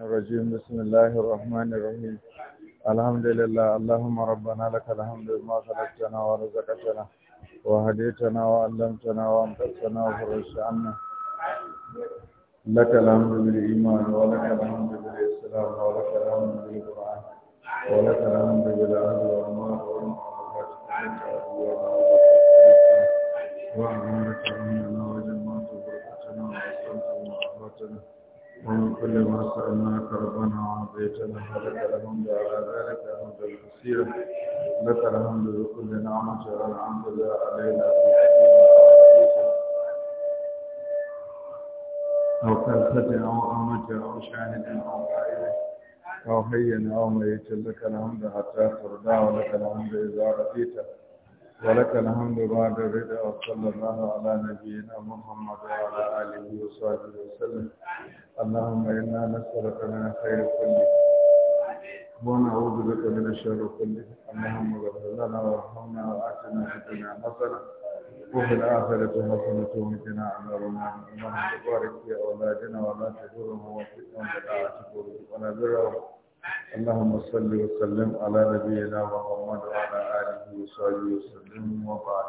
الرجيم بسم الله الرحمن الرحيم الحمد لله اللهم ربنا لك الحمد ما خلقتنا ورزقتنا وهديتنا وعلمتنا وامتنا وفرجت عنا لك الحمد بالإيمان ولك الحمد بالإسلام ولك الحمد بالقرآن ولك الحمد بالأهل والمال والمعروفات أنت أبونا وأمرك أمنا وجمعت بركتنا وأسلمت معافاتنا ومن كل ما سألناك ربنا وعطيتنا ولك الحمد على ذلك الحمد الكثير لك الحمد بكل نعمة والحمد لله علينا أو كلفة أو أمة أو شاهد أو غائب أو هين أو ميت لك الحمد حتى ترضى ولك الحمد إذا رضيت ولك الحمد بعد الرضا وصلى الله على نبينا محمد وعلى اله وصحبه وسلم اللهم انا نسالك من الخير كله ونعوذ بك من الشر كله اللهم اغفر لنا وارحمنا واتنا في الدنيا حسنه وفي الآخرة حسنة وقنا عذاب النار اللهم بارك في أولادنا ولا تضرهم وفتنهم ولا تزورهم ولا ذرهم اللهم صل وسلم على نبينا محمد وعلى آله وصحبه وسلم وبعد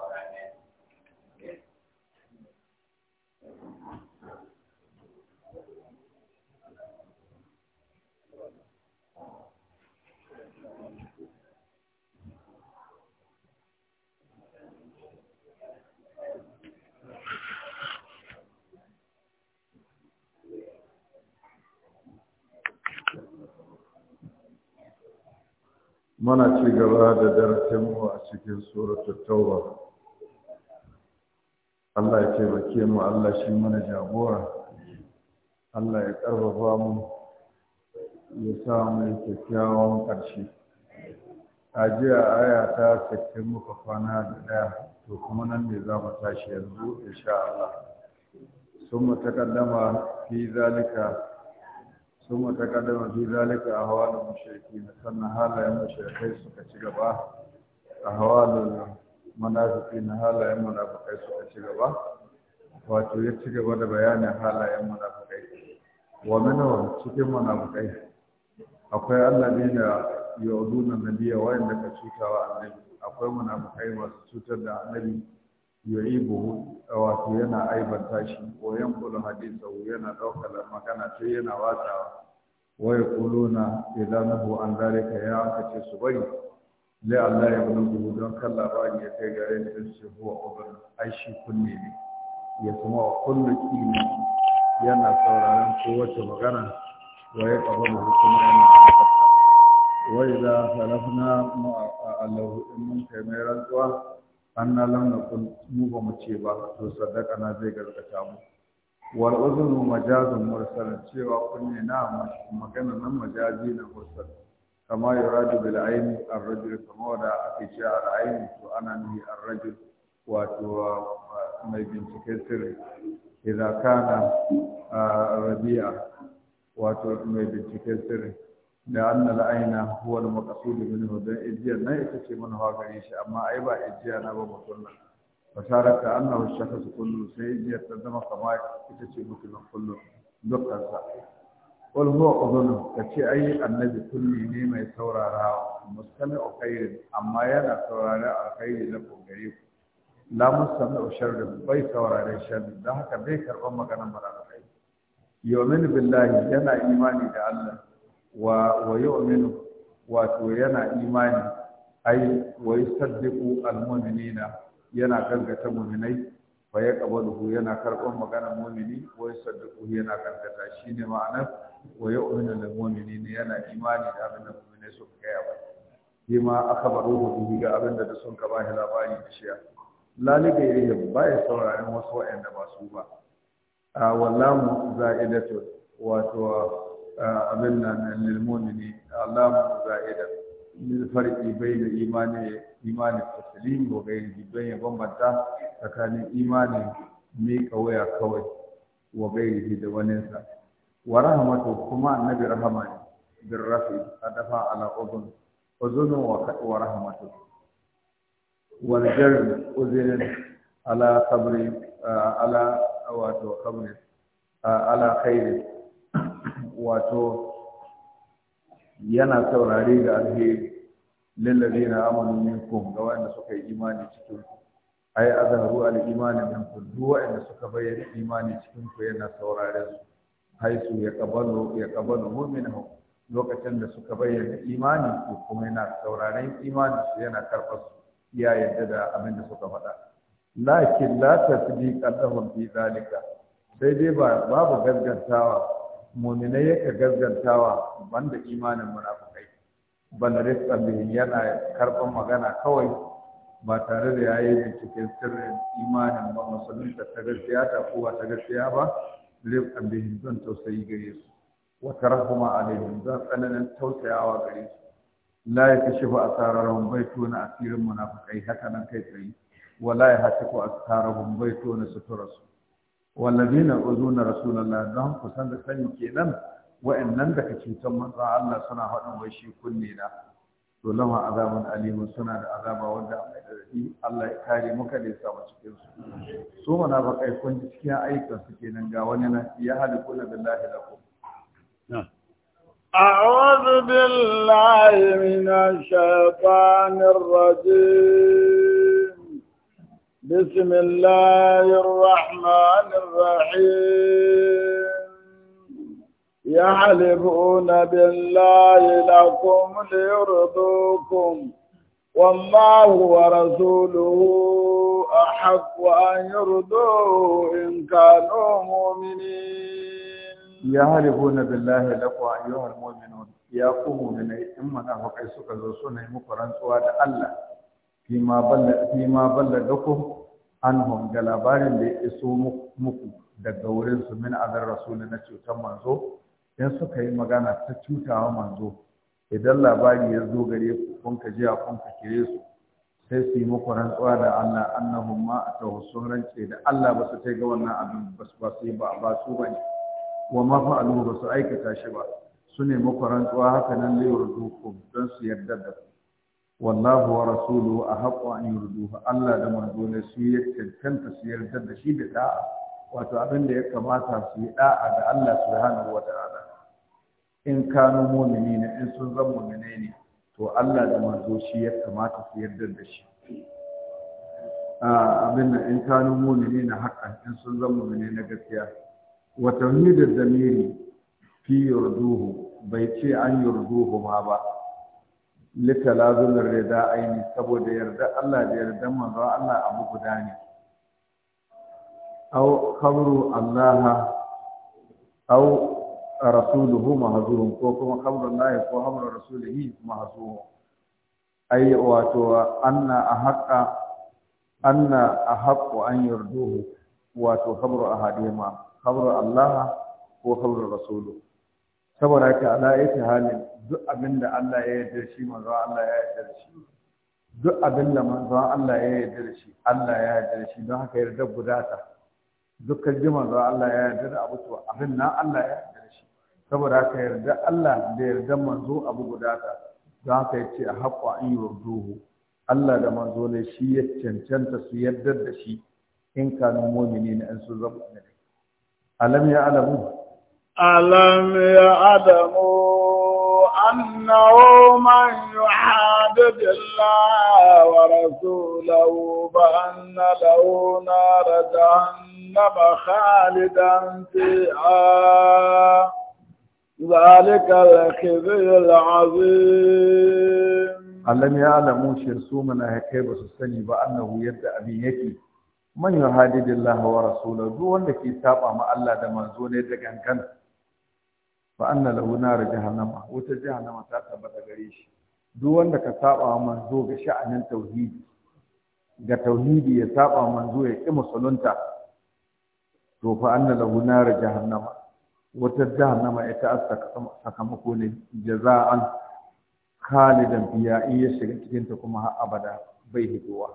mana ci gaba da darasinmu a cikin suratul tauba Allah ya taimake mu Allah shi mana jagora Allah ya karfafa mu ya sa mu kyakkyawan karshe a jiya aya ta sakin muka kwana da ɗaya to kuma nan ne za mu tashi yanzu insha Allah sun mu takaddama fi zalika ثم تقدم في ذلك أهوال المشركين سنة هالا المشركين سكا شغبا أهوال المنافقين هالا المنافقين سكا شغبا wato ya ci gaba da bayanin halayen munafukai wa minhu cikin munafukai akwai alladina yauduna nabiyya wa'anda ka cutawa annabi akwai munafukai masu cutar da annabi yuribuhu wato yana aibanta shi wa yankulu hadisahu yana daukar magana sai yana watsawa wa yaquluna idanuhu an zalika ya aka ce su bari la Allah ya bulu don kan labari ya kai gare ni sai huwa ubun ai shi kunne ne ya kuma wa kullu kini yana sauraron kowace magana wa ya kabalu kuma yana wa idza salafna ma'a Allah in mun kai mai rantsuwa an na lamna kun mu ba mu ce ba to sadaka na zai gargata mu war uzunu majazun mursal cewa kunne na magana nan majazi na mursal kama yuradu bil aini ar-rajul kama da ake cewa al-aini to ana ni ar-rajul wato ah, mai binciken sirri idza kana ah, rabi'a wato mai binciken sirri da anna la'ayna huwa al-maqsud minhu da ijiya na ita ce mana hawa gare shi amma ai ba ijiya na ba mutum na. fasarata annahu shakhs kullu sai ajiyar ta zama kama ita ce mutum kullu dukkan sa wal huwa ka ce ai annabi kulli ne mai saurarawa musamman khairin amma yana saurara alkhairi la ku ku la mustami'u sharrin bai saurari sharri dan haka bai karban maganar mara kai yomin billahi yana imani da Allah wa wa yu'minu wato yana imani ai wa yusaddiqu al-mu'minina yana gargata mu'minai fa yaqbaluhu yana karban maganar mu'mini wa yusaddiqu yana gaggata shine ma'anar wa yu'minu al-mu'minina yana imani da abin da mu'minai suka gaya ba baro akhbaruhu bihi ga abin da sun ka bashi labari da shi lalibe yayi ba ya sauraron wasu wa'anda ba su ba a wallahu za'idatu wato abin nan lilmumini alamu za'ida min farqi bayna imani imani taslim wa ghairi don ya bambanta tsakanin imanin mai kawaya kawai wa ghairi da waninsa wa rahmatu kuma annabi rahama ne bin rafi adafa ala udun udun wa rahmatu wal jarr udun ala qabri ala wato qabri ala khairi wato yana saurari da alheri lallabe na amanu minkum ga wa'anda suka yi imani cikin ku ai azharu al imani minkum duk wa'anda suka bayyana imani cikin ku yana saurare su haisu ya kabalu ya kabalu lokacin da suka bayyana imani ko kuma yana sauraren imani su yana karɓar su ya yarda da abin da suka faɗa lakin la tasdiqa lahum fi zalika sai dai ba babu gaskantawa muminai yake gazgantawa banda imanin munafukai banda rizqan bihi yana karban magana kawai ba tare da yayi binciken sirrin imanin ba ta ta gaskiya ta ko ba ta gaskiya ba rizqan bihi zan tausayi gare su wa tarahuma alaihim zan tsananin tausayawa gare su la yakashifu asararhum bai na asirin munafakai haka nan kai tsaye wala yahtiku asararhum bai tona suturarsu wallazina uzuna rasulullah don kusan da sani kenan wa'annan da ka cutar manzon Allah suna haɗin wai shi kunne na to lawa azabun alimun suna da azaba wanda mai daɗi. Allah ya kare muka da ya samu cikin su so mana ba kai kun cikin ayyukan su kenan ga wani na ya haliku na billahi lakum أعوذ بالله من الشيطان الرجيم بسم الله الرحمن الرحيم يحلفون بالله لكم ليرضوكم والله ورسوله أحق أن يرضوه إن كانوا مؤمنين يحلفون بالله لكم أيها المؤمنون يا قوم من إما نافقين سكزوا سنة مقرن سواد الله فيما بلغكم anhum da labarin da ya iso muku daga wurin min azar rasuli na cutar manzo in suka yi magana ta cutawa manzo idan labari ya zo gare ku kun ka jiya kun ka kire su sai su yi muku rantsuwa da Allah annahum ma a tawassun rance da Allah ba su kai ga wannan abin ba su ba su yi ba ba su ba ne wa ma fa'alu ba su aikata shi ba su ne muku rantsuwa haka nan ku don su yarda da ku wallahu wa rasuluhu ahqqu an yurduhu Allah da manzo ne su ya tantanta su yarda da shi da da'a wato abin da ya kamata su yi da'a da Allah subhanahu wa ta'ala in kanu mu'minina in sun zama mu'mine ne to Allah da manzo shi ya kamata su yarda da shi abin da in kanu mu'minina haƙa, in sun zama mu'mine na gaskiya wa tawhidud damiri fi yurduhu bai ce an yurduhu ma ba litala zulur rida aini saboda yarda Allah da yarda manzo Allah abu guda ne aw khabru Allah aw rasuluhu mahzurun ko kuma khabru Allah ko khabru rasulihi mahzurun ai wato anna ahqa anna ahqqu an yurduhu wato khabru ahadima khabru Allah ko khabru rasuluhu saboda haka ala yake halin duk abin da Allah ya yarda shi manzo Allah ya yarda shi duk abin da manzo Allah ya yarda shi Allah ya yarda shi don haka yarda guda ta dukkan ji manzo Allah ya yarda abu to abin nan Allah ya yarda shi saboda haka yarda Allah da yarda manzo abu guda ta don haka yace a haƙƙa an yi Allah da manzo ne shi ya cancanta su yarda da shi in kanu mu'mini ne an su zama ne alam ya alamu ألم يعلموا أنه من يحادد الله ورسوله فأن له نار جهنم خالدا فيها ذلك الخزي العظيم ألم يعلموا شرسو من أهكيب سسني بأنه يبدأ بيكي من yuhadidillahu الله ورسوله duk wanda ke مع الله Allah da manzo ne da fa anna lahu nar jahannama wuta jahannama ta tabbata gare shi duk wanda ka saba manzo ga sha'anin tauhidi ga tauhidi ya saba manzo ya ki musulunta to fa anna lahu nar jahannama wata jahannama ita asaka sakamako ne jaza'an khalidan biya in ya shiga cikin ta kuma har abada bai hidowa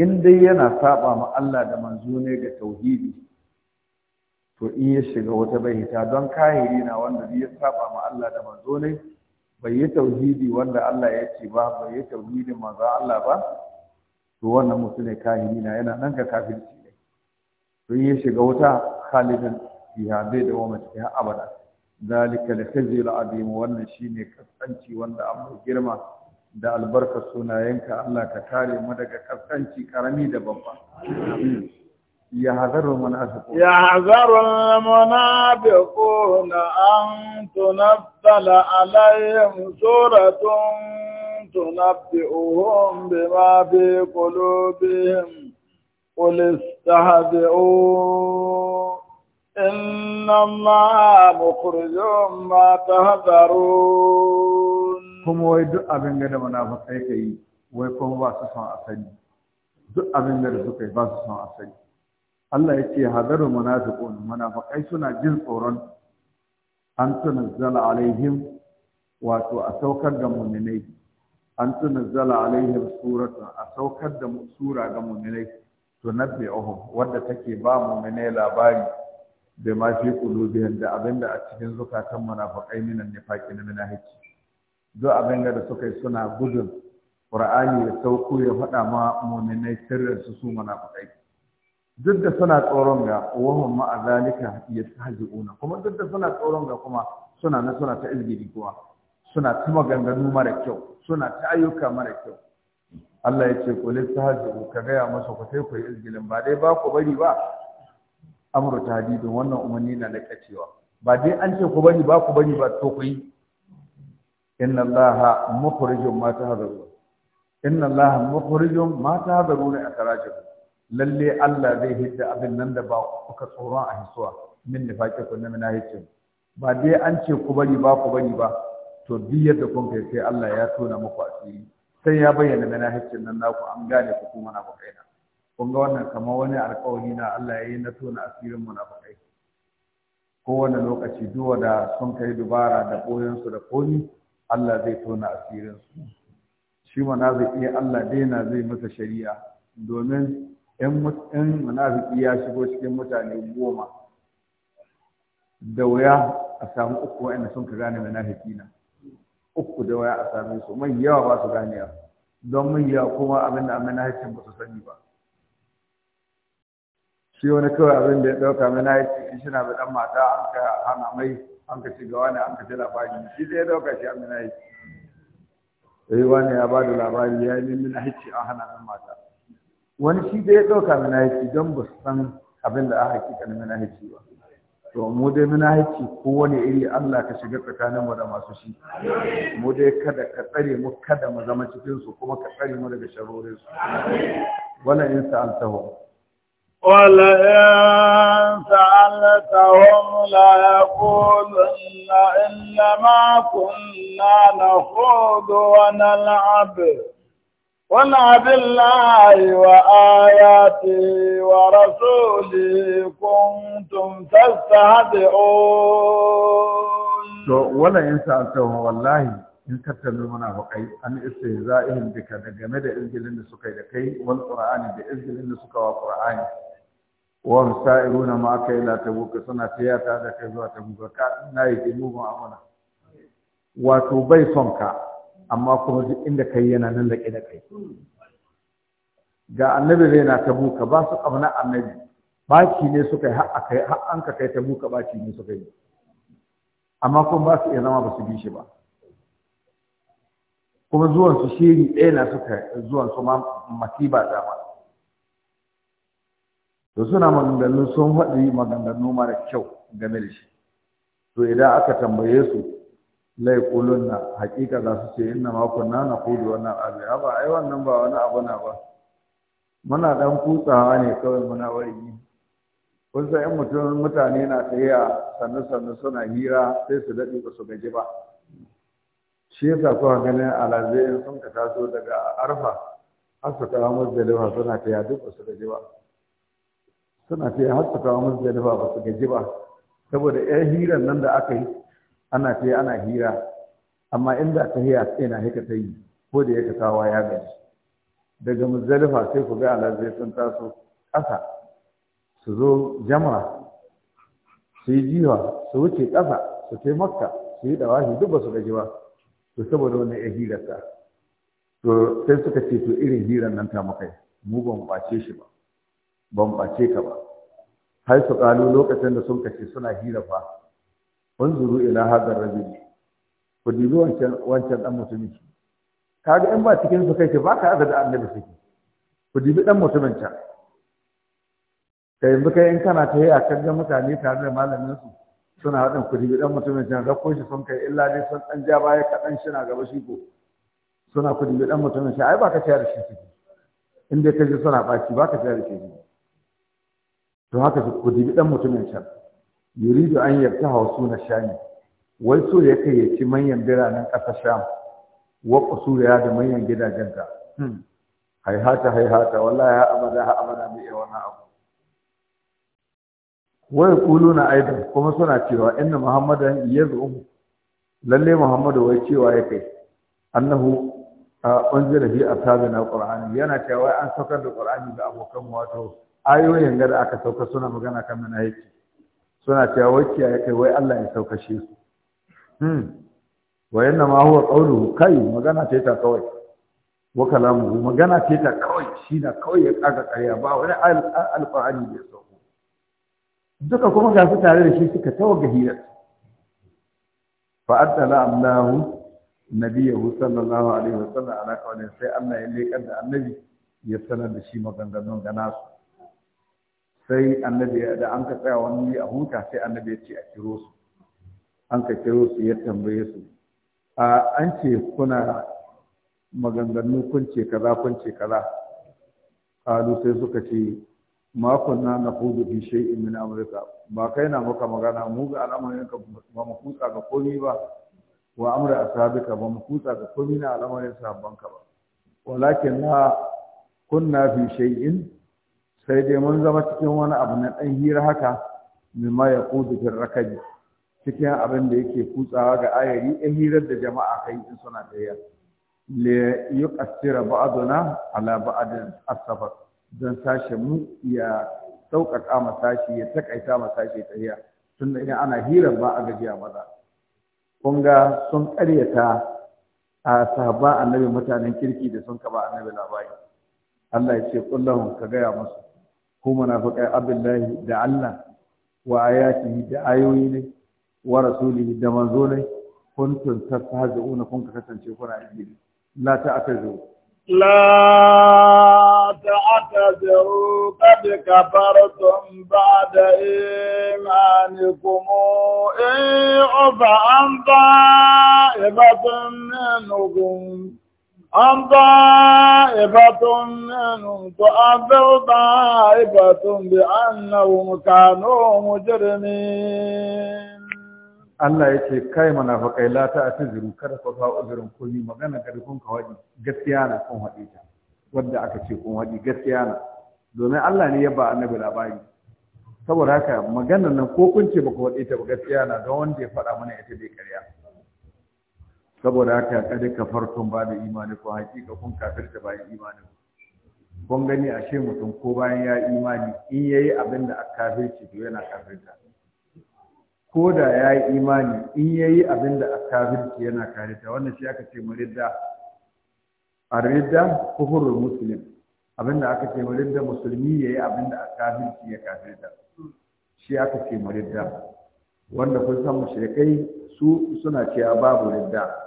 in dai yana saba ma Allah da manzo ne ga tauhidi to in ya shiga wata bai hita don kahiri na wanda ya saba ma Allah da manzo ne bai yi tauhidi wanda Allah ya ce ba bai yi tauhidin manzo Allah ba to wannan mutum ne kahiri na yana nan ga kafirci ne to in ya shiga wata khalidan fiha bai da wama cikin abada zalika da kajil azim wannan shine kaskanci wanda an girma da albarka sunayenka Allah ka kare mu daga kaskanci karami da babba يحذر المنافقون يحذر المنافقون أن تنزل عليهم سورة تنبئهم بما في قلوبهم قل استهزئوا إن الله مخرج ما تهذرون هم ويدعو أبن غير منافقين ويكون واسسون أسني دعو أبن غير زكي باسسون أسني Allah ya ce hadarul munafiqun munafiqai suna jin tsoron an Zala alaihim wato a saukar da mu'minai an tunazzala alaihim surata a saukar da sura ga mu'minai tunabbi'uhum wadda take ba mu'minai labari da ma fi qulubihim da abinda a cikin zukatan munafiqai minan nifaqi na munafiqi duk abinda da suka yi suna gudun Qur'ani ya sauko ya faɗa ma mu'minai sirrin su su munafiqai duk da suna tsoron ga wahum ma'a zalika una kuma duk da suna tsoron ga kuma suna na suna ta izgiri kuwa suna ta maganganu mara kyau suna ta ayyuka mara kyau Allah ya ce ku listahzi'u ka gaya masa ku sai ku yi izgilin ba dai ba ku bari ba amru tahdidun wannan umarni na da kacewa ba dai an ce ku bari ba ku bari ba to ku yi inna Allah mukhrijum ma mata inna allaha mukhrijum ma lalle Allah zai hidda abin nan da ba kuka tsoron a hisuwa min nifaqi ku na minahicin ba dai an ce ku bari ba ku bari ba to duk yadda kun kai sai Allah ya tona muku asiri sai ya bayyana minahicin nan naku an gane ku kuma na na kun ga wannan kamar wani alƙawari na Allah ya yi na tona asirin munafikai kowane lokaci duwa da sun kai dubara da koyansu da komi Allah zai tona su. shi na zai iya Allah daina zai masa shari'a domin in munafiki ya shigo cikin mutane goma da wuya a samu uku wa'anda sun ka gane munafiki na uku da wuya a same su mai yawa ba su ya don mai yawa kuma abin da munafikin ba su sani ba shi wani kawai abin da ya ɗauka mana ya ce in shina dan mata an ka hana mai an ka ci gawa ne an ka ci labari shi zai ya ɗauka shi amina ya ce sai wani ya ba da labari ya yi min hicci an hana mata wani shi da ya ɗauka haifi don ba su san abin da a hakikan haifi ba to mu dai ko wani iri Allah ka shiga tsakaninmu da masu shi mu dai kada ka tsare mu kada mu zama cikin su kuma ka tsare mu daga sharorin su wala in sa'altahu wala in sa'altahum la yaqulunna makon ma kunna nakhudu wa nal'abu قل بالله وآياتي ورسولي كنتم تستهزئون to wala in sa'atahu wallahi in kattalu munafiqai an isa istihza'ihim bika da game da izgilin da suka yi da kai wal qur'ani da izgilin da suka wa qur'ani wa sa'iruna ma kai la tabuka suna tiyata da kai zuwa tabuka na yi mugun amana wato bai son ka amma kuma duk inda kai yana nan laƙe da kai ga annabi zai na ka ba su ƙauna annabi baci ne suka yi har an ka kai tabuka baci ne suka yi amma kuma ba su iya zama ba su bi shi ba kuma zuwan su shiri ɗaya na suka zuwan su ma masiba dama to suna maganganu sun faɗi maganganu mara kyau game da shi to idan aka tambaye su lai na hakika za su ce inna makon na na kudu wannan abu ya ba ai wannan ba wani abu na ba muna dan kutsawa ne kawai muna wargi kun san mutum mutane na tsaye a sannu sannu suna hira sai su daɗe ba su gaji ba shi yasa kuka ganin alazai sun ka taso daga arfa har su kawo musdalifa suna taya duk ba su gaji ba suna taya har su kawo musdalifa ba su gaji ba saboda 'yan hiran nan da aka yi ana ce ana hira amma inda ta hira sai na haka ta yi ko da ya kasawa ya gaji daga muzdalifa sai ku ga zai sun taso ƙasa su zo jama'a su yi jiwa su wuce ƙasa su kai makka su yi dawahi duk ba su gaji ba to saboda wannan ya ta to sai suka ce to irin hiran nan ta makai mu ban ɓace shi ba ban ɓace ka ba har su ƙalu lokacin da sun kace suna hira fa zuru ila hadar rajul ku dubi wancan wancan dan mutumin ki kaga in ba cikin su kai ke ba ka azada annabi suke ku dubi dan mutumin can ka yanzu kai in kana ta yi a kan mutane tare da malamin su suna haɗin ku dubi dan mutumin can rakko shi sun kai illa dai sun dan ja baya kaɗan shi na gaba shi ko suna ku dubi dan mutumin can ai ba ka da shi suke in dai ka ji suna baki ba ka da shi to haka ku dubi dan mutumin can yuridu an yabta hausu na shani wai so ya kai ya ci manyan biranen ƙasa sham wa da manyan gidajenta. ta hmm. haihata haihata wallahi ha abada ha abada mai yawan abu wai Kulu na aidan kuma suna cewa inna muhammadan yaz'um lalle muhammadu wai cewa ya kai annahu unzila fi na ƙur'ani? yana cewa an saukar da ƙur'ani ga abokan wato ayoyin da aka sauka suna magana kan manhaji suna cewa wacce ya kai wai Allah ya saukashe su hmm wa yanna ma huwa qawlu kai magana ce ta kawai wa kalamu magana ce ta kawai shi na kawai ya kaga kariya ba wani alqur'ani da sauko duka kuma ga su tare da shi suka tawaga hira fa addala amlahu nabiyahu sallallahu alaihi wasallam ala qawlin sai Allah ya leƙar da annabi ya sanar da shi maganganun ga nasu sai annabi da an ka tsaya wani a huta sai annabi ya ce a kiro su an ka kiro su ya tambaye su a an ce kuna maganganu kun ce kaza kun ce kaza kalu sai suka ce makon na na hudu bi shay'in min amurka ba kai na maka magana mu ga al'amarin ka ba mu kutsa ga komi ba wa amra asabika ba mu kutsa ga komi na al'amarin sahabban ka ba walakin na kunna fi shay'in sai dai mun zama cikin wani abu na ɗan hira haka mimma ya kudu fil rakabi cikin abin da yake kutsawa ga ayari ɗan hirar da jama'a kai in suna tsaye le yuqassira ba'aduna ala Ba'adin Asabar? don sashe mu ya sauƙaƙa ma sashi ya taƙaita ma sashi tun tunda idan ana hira ba a gajiya maza kun ga sun ƙaryata a sahaba annabi mutanen kirki da sun kaba annabi labari Allah ya ce kullum ka gaya musu ko munafiqai abillahi da Allah wa ayatihi da ayoyi ne wa rasulihi da manzo ne kuntum tastahzi'una kun kasance kuna izgili la ta'tazu لا تعتذروا قد كفرتم بعد إيمانكم إن عفى عن طائفة منكم أم طائفة منهم تؤذر طائفة بأنهم كانوا مجرمين Allah ya ce kai munafikai la ta atziru kada ku fa uzurin komi magana kada kun ka waje gaskiya na kun wadi ta wanda aka ce kun waje gaskiya na domin Allah ne ya ba annabi labari saboda haka magana nan ko kun ce baka waje ta ba gaskiya na don wanda ya faɗa mana ita bai ƙarya saboda haka kada ka farkon ba da imani ko hakika kun da bayan imani kun gani ashe mutum ko bayan ya imani in yayi abin da aka kafirci to yana kafirta ko da ya yi imani in yayi abin da aka kafirci yana kafirta wannan shi aka ce muridda arridda kufurul muslim abin da aka ce muridda musulmi yayi abin da aka kafirci ya kafirta shi aka ce muridda wanda kun san mushrikai su suna cewa babu ridda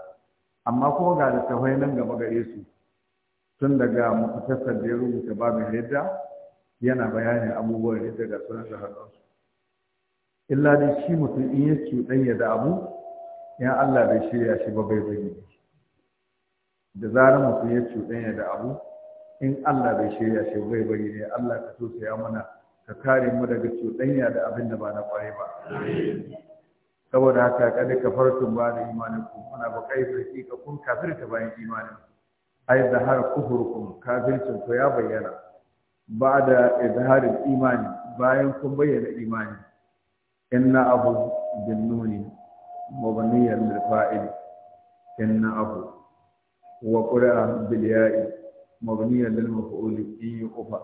amma kuma ga tafai nan gaba gare su tun daga muktasar da ya rubuta babin yadda, yana bayanin abubuwan ridda ga sunan da hannunsu illa dai shi mutum in ya cuɗanya da abu in Allah bai shirya shi ba bai bari da zarar mutum ya cuɗanya da abu in Allah bai shirya shi bai bari ne Allah ka tausaya mana ka kare mu daga cuɗanya da abin da ba na ƙwarai ba saboda haka kada farko ba da ku kuna ba kai ka kun kafirta bayan imanin ai zahar kufurkum kafircin ku ya bayyana ba da izharin imani bayan kun bayyana imani inna abu binnuni mabniyan lil fa'il inna abu wa qura bil ya'i mabniyan lil maf'ul in yuqfa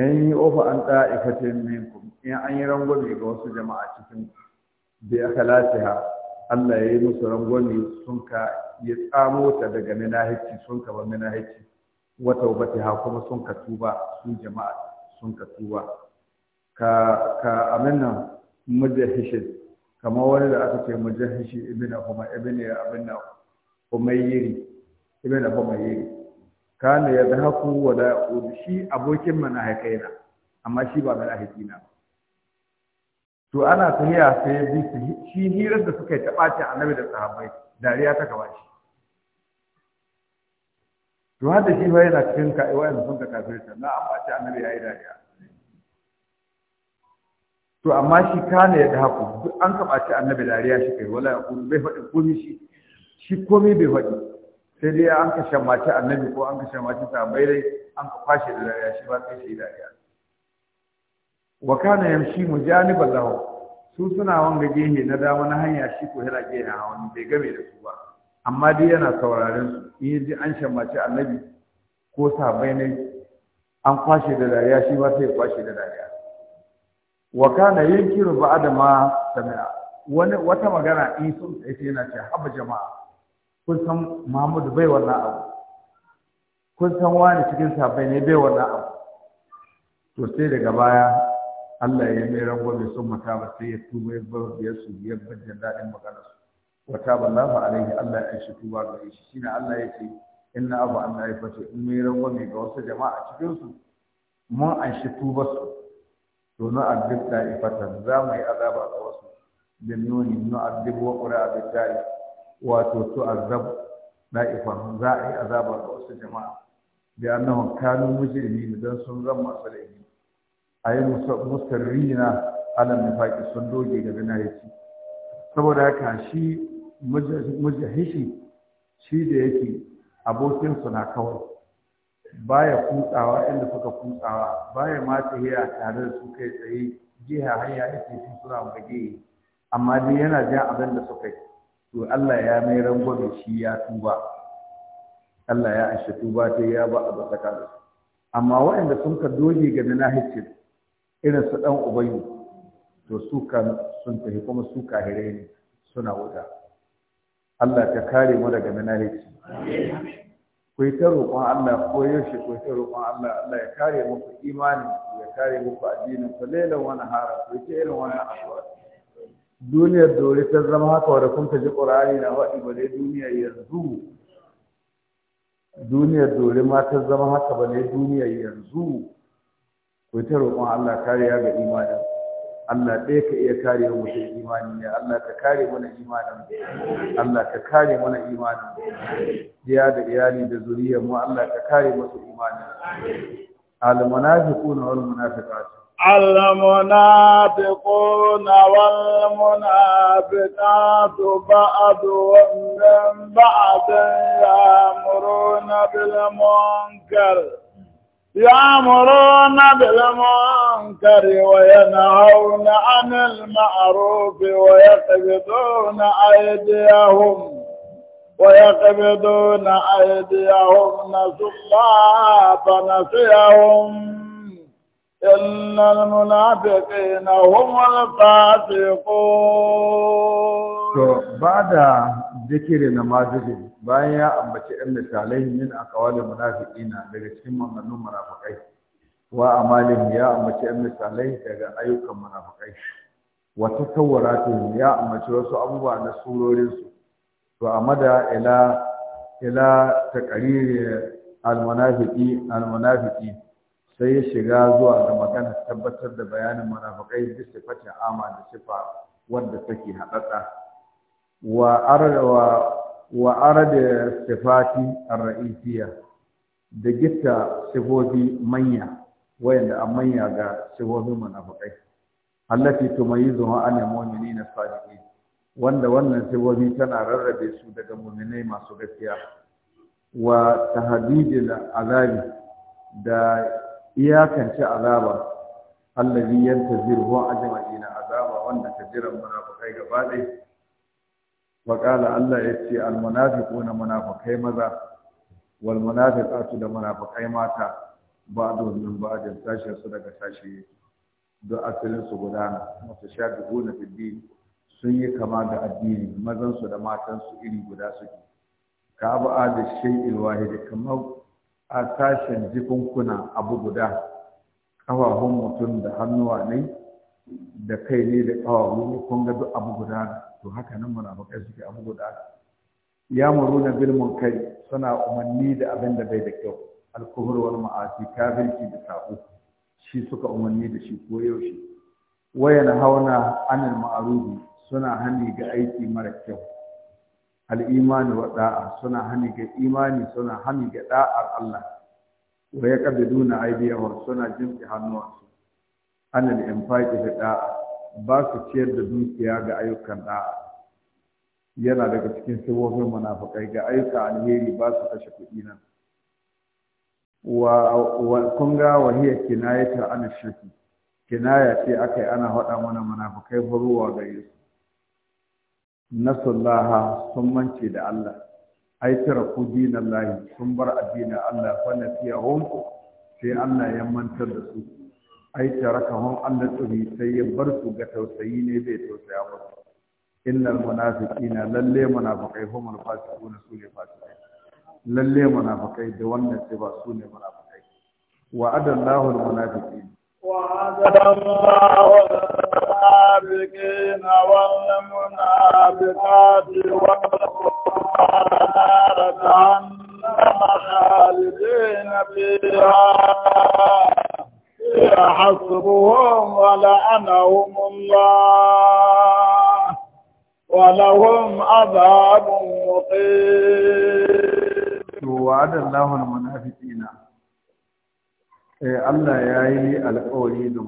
in yuqfa an ta'ifatin minkum in an yi rangwame ga wasu jama'a cikin ku bi akhalatiha Allah ya yi musu rangwani sun ka ya tsamo ta daga minahici sun ka ba minahici wa ha kuma sun ka tuba su jama'a sun ka tuba ka ka aminna mujahishi kamar wani da aka ce mujahishi ibn huma ibn abin humayiri ibn humayiri kana yadhaku wala la shi abokin mana hakaina amma shi ba mana hakina ba to ana tahiya sai ya bi su shi hirar da suka yi ta a annabi da sahabbai dariya ta gaba shi to har da shi fa yana cikin ka'iwa yanzu sun ka shi na an a annabi ya yi dariya to amma shi kana ya haku duk an ka a annabi dariya shi kai wala bai faɗi komi shi shi komi bai faɗi sai dai an ka shammaci annabi ko an ka shammaci sahabbai dai an ka kwashe da dariya shi ba sai shi dariya wa kana yamshi mujaniban lahu su suna wanga gehe na dama na hanya shi ko yana gehe na wani bai game da su ba amma dai yana sauraren su in ji an shammaci annabi ko sabai ne an kwashe da dariya shi ba sai ya kwashe da dariya wa kana yankiru ba adama sami'a wani wata magana in sun tsaye yana ce haba jama'a kun san Muhammadu bai wannan abu kun san wani cikin sabai ne bai wannan abu to sai daga baya Allah ya mai rangwame sun mata ba sai ya tuba ya bar biyar su ya bar jin daɗin magana su wata ba lafa alaihi Allah ya shi tuba ga shi shine Allah ya ce inna abu Allah ya fashe in mai ne ga wasu jama'a cikin su mun an shi tuba su to na addab da ifatan za mu yi azaba ga wasu da nuni na addab wa qura da tari wato to azab da ifan za a yi azaba ga wasu jama'a da annahum kanu mujrimin dan sun zama masu laifi a yi mustarrina ala nifaki sun doge daga nayaci saboda haka shi mujahishi shi da yake abokinsu na kawai baya kutsawa inda suka kutsawa baya ma tahiya tare da su kai tsaye jiha hanya yake sun suna bage amma dai yana jan abin da suka yi to Allah ya mai rangwame shi ya tuba Allah ya ashe tuba ta ya ba a da amma waɗanda sun ka doge ga na irin su ɗan ubayu to su kan sun tafi kuma su kahirai ne suna wuta Allah ta kare mu daga minahici ku yi ta roƙon Allah ko yaushe ku yi ta roƙon Allah Allah ya kare muku imani ya kare muku addinin ku lailan wani hara ku yi ta irin wani asuwa duniyar dore ta zama haka wadda kun ta ji ƙur'ani na waɗi ba dai duniya yanzu duniyar dore ma ta zama haka ba ne duniyar yanzu ko ta roƙon Allah kariya ga imanin Allah ɗaya ka iya kare mu da imani ne Allah ka kare mana imanin Allah ka kare mana imanin diya da iyali da zuriyar mu Allah ka kare musu imanin al-munafiquna wal munafiqatu المنافقون والمنافقات بعضهم من بعض يأمرون بالمنكر يأمرون بالمنكر وينهون عن المعروف ويقبضون أيديهم ويقبضون أيديهم نسوا الله فنسيهم إن المنافقين هم الفاسقون بعد zikiri na mazijin bayan ya ambaci ɗan misalai min a kawalin munafiƙina daga cikin maganganun munafiƙai wa amalin ya ambaci ɗan misalai daga ayyukan munafiƙai wa yi ya ambaci wasu abubuwa na surorinsu to a mada ila ila taqrir almunafiƙi sai ya shiga zuwa ga magana tabbatar da bayanin munafiƙai bisa fata ama da sifa wanda take haɗaɗa wa ara wa sifati ar-ra'isiyya da gitta sifofi manya wayanda amanya manya ga sifofi munafikai allati tumayyizuhu an al-mu'minina sadiqin wanda wannan sifofi tana rarrabe su daga mu'minai masu gaskiya wa tahdidil azabi da iyakance azaba allazi yantaziru ajma'ina azaba wanda tajiran munafikai gaba ɗaya faƙala Allah ya ce na munafikai maza wal munafiqatu da munafikai mata ba domin ba da sashen su daga tashi don asalin su gudana dubu na din sun yi kama da addini mazan su da matansu iri guda suke ka abu da shay'il wahid kamar a jikun jikunkuna abu guda kafafun mutum da hannuwa ne da kai ne da kawawu kun ga abu guda to haka nan munafikai suke abu guda ya na bil munkari suna umarni da abin da bai da kyau alkuhur wal ma'asi kafirci da sabo shi suka umarni da shi ko yaushe wayan hauna anil ma'rufi suna hani ga aiki mara kyau imani wa da'a suna hani ga imani suna hani ga da'ar Allah wa ya ƙabidu na suna jinki hannuwansu anil infaqi da da'a ba su ciyar da dukiya ga ayyukan da yana daga cikin sabobin munafikai ga ayyuka alheri ba su kashe kuɗi nan wa kun ga wahiyar kinaya ta ana shirki kinaya ce aka yi ana haɗa mana munafukai faruwa ga yesu nasullaha sun mance da Allah ai ku dinallahi sun bar addinin Allah fa nasiyahum sai Allah ya mantar da su ai tarakahum Allah tubi sai ya bar su ga tausayi ne bai tausaya musu innal munafiqina lalle munafiqai humul fasiquna su ne fasiqai lalle munafiqai da wannan sai ba su ne munafiqai wa adallahu al munafiqin وعد الله المنافقين والمنافقات والكفار نار جهنم خالدين فيها حسبهم ولعنهم الله ولهم عذاب مقيم وعد الله المنافقين Allah ya yi alkawari da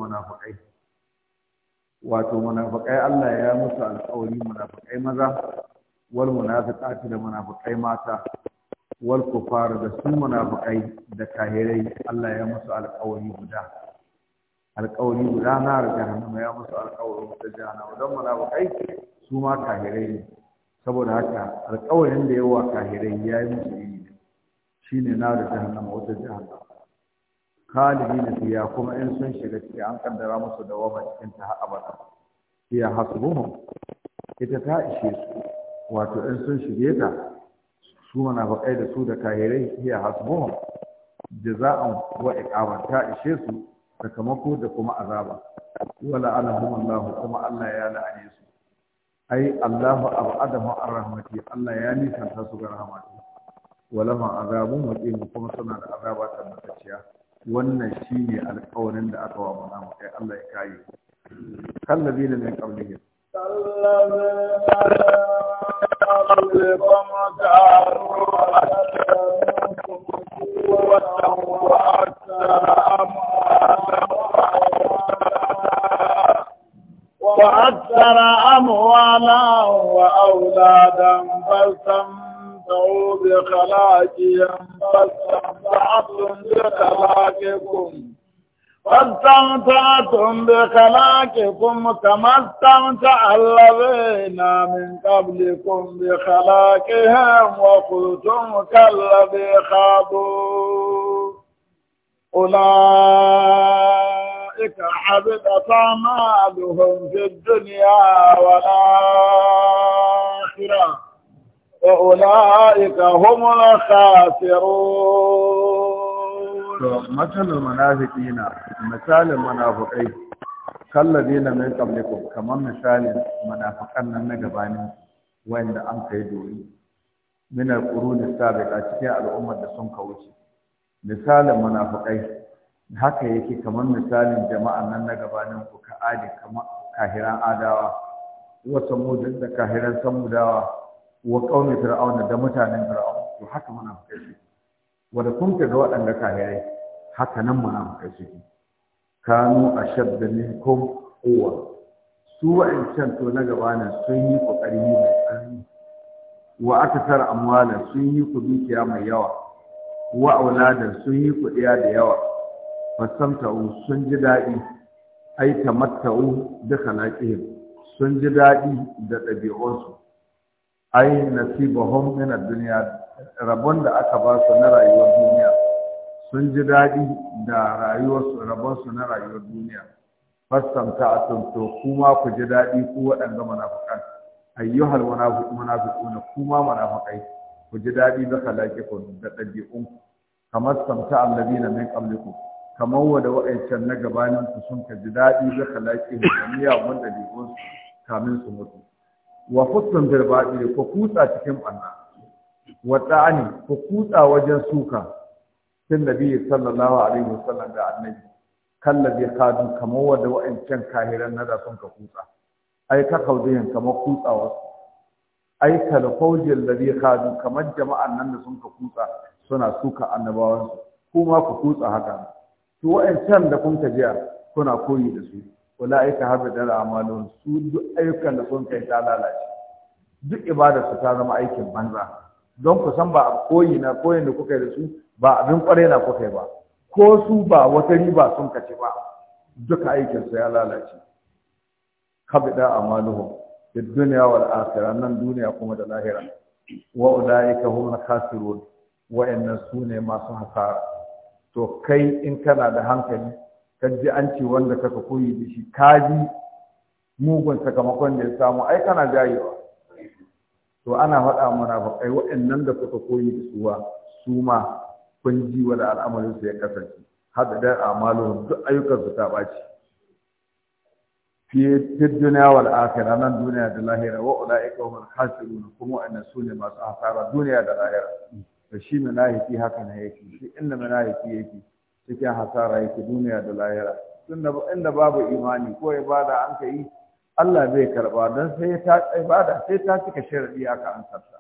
wato munafukai Allah ya musu alƙawari munafukai maza wal munafiqati da munafukai mata wal kufar da su munafukai da kahirai Allah ya musu alƙawari guda alƙawari guda na jahannama ya musu alƙawarin wata jahannama don munafukai su ma kahirai ne saboda haka alƙawarin da yawa kahirai ya yi musu yi shi ne na da jahannama wata jahannama kalibi na fiya kuma in sun shiga ciki an kaddara musu da dawama cikin ta abada fiya hasbuhum ita ta ishe su wato in sun shige ta su bakai da su da kahirai fiya hasbuhum jaza'an wa iqamata ishe su sakamako da kuma azaba wala anahum Allah kuma Allah ya la'ane su ai Allahu abadahu ar-rahmati Allah ya nisanta su ga rahmati wala ma azabun muqim kuma suna da azaba tabbatacciya wannan shine alƙawarin da aka wa mana kai Allah ya kai kallabina min qablihi قبلكم كانوا أشد منكم قوة وأكثر وأكثر أموالا وأولادا فاستمتعوا بخلاقهم فاستمتعتم بخلاقكم فاستمتعتم بخلاقكم كما استمتع الذين من قبلكم بخلاقهم وقلتم كالذي خابوا أولئك أولئك حبطت أعمالهم في الدنيا والآخرة وأولئك هم الخاسرون مثل المنافقين مثال المنافقين كالذين من قبلكم كما مثال المنافقين من غبانين وين أن يدوري من القرون السابقة أشياء الأمة da مثال المنافقين haka yake kamar misalin jama'an nan na gabanin ku ka adi kahiran adawa wa samud da kahiran samudawa wa qaumi fir'auna da mutanen fir'auna to haka munafikai su wanda kun ka ga waɗanda kahirai haka nan munafikai su kanu ashadd minkum quwwa su wa'ancan to na gabanin sun yi kokari mai tsanani wa akthar amwalan sun yi ku dukiya mai yawa wa auladan sun yi kuɗiya da yawa fasamta'u sun ji daɗi ai tamatta'u bi khalaqihim sun ji daɗi da ɗabi'unsu ai nasibahum min ad-dunya rabon da aka ba su na rayuwar duniya sun ji daɗi da rayuwar su, rabon su na rayuwar duniya fasamta a tunto kuma ku ji daɗi ku waɗanda munafukan ayyuhal munafiquna kuma munafiqai ku ji daɗi da khalaqikum da ɗabi'un kamar samta alladina min qablikum kamar wada wa'ancan na gabanin su sun ka ji daɗi da kalaƙi da miyagun ɗabi'un kamin su mutu wa fusun birbaɗi ku kutsa cikin ɓanna wa ɗa'ani ku kutsa wajen suka sun nabi sallallahu alaihi wasallam da annabi kallabi kadu kamar wada wa'ancan kahiran na da sun ka kutsa ai ka kaudihin kamar kutsawa ai kalfaujin da zai kadu kamar jama'an nan da sun ka kutsa suna suka annabawansu kuma ku kutsa haka to wa'ancan da kun ka jiya kuna koyi da su wala aika haɓe da amalun su duk ayyukan da sun kai ta lalace duk ibada su ta zama aikin banza don ku san ba a koyi na koyin da kuka yi da su ba abin kwarai na kuka yi ba ko su ba wata riba sun kaci ba duka aikin su ya lalace haɓe da amaluhum da duniya wa al'akira nan duniya kuma da lahira wa ulaika hum al khasirun wa su ne masu hasara to kai in kana da hankali ka ji an ce wanda kaka koyi da shi ka ji mugun sakamakon da ya samu ai kana jayewa to ana faɗa mana ba kai waɗannan da kuka koyi da suwa su ma kun ji wa da al'amarin su ya kasance hada da amalu duk ayyukan su ta baci fi duniya wal akhirah nan duniya da lahira wa ulaika hum al-khasirun kuma ne masu hasara duniya da lahira to shi munafiki haka na yake shi inda munafiki yake cikin hasara yake duniya da lahira tunda inda babu imani ko ibada an ka yi Allah zai karba dan sai ta ibada sai ta cika sharadi aka ansarta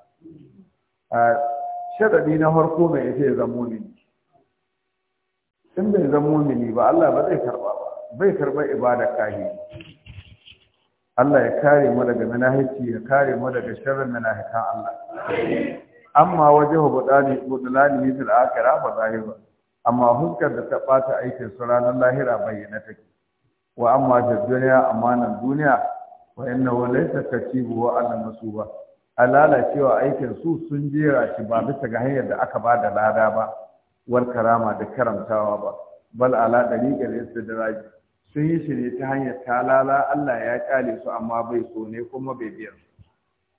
a sharadi na farko mai yace zamu ne in bai zamo ne ba Allah ba zai karba ba bai karba ibada kahi Allah ya kare mu daga manahiki ya kare mu daga sharrin manahikan Allah amma wajahu budani budlani fil akhirah fa zahira amma huskar da ta bata aikin su ranar lahira bayyana take wa amma da duniya amanan duniya wa wa laysa katibu wa anna masuba alala cewa aikin su sun jera shi ba bisa ga hanyar da aka ba da lada ba wal karama da karamtawa ba bal ala da istidraj sun yi shi ne ta hanyar talala Allah ya kyale su amma bai so ne kuma bai biya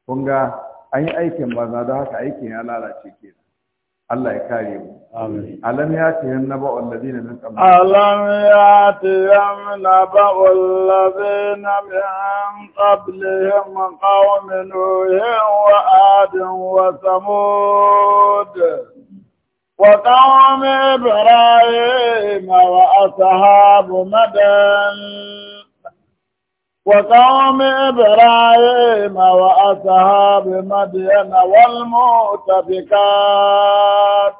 kun ga an yi aikin banza da haka aikin ya lalace ke Allah ya kare mu alam ya ce yan naba wallazi na min kamar alam ya ce yan naba wallazi na min qablihim qawmin nuhin wa adin wa samud ibrahim wa وأصحاب madan. وقوم إبراهيم وأصحاب مدين والمؤتفكات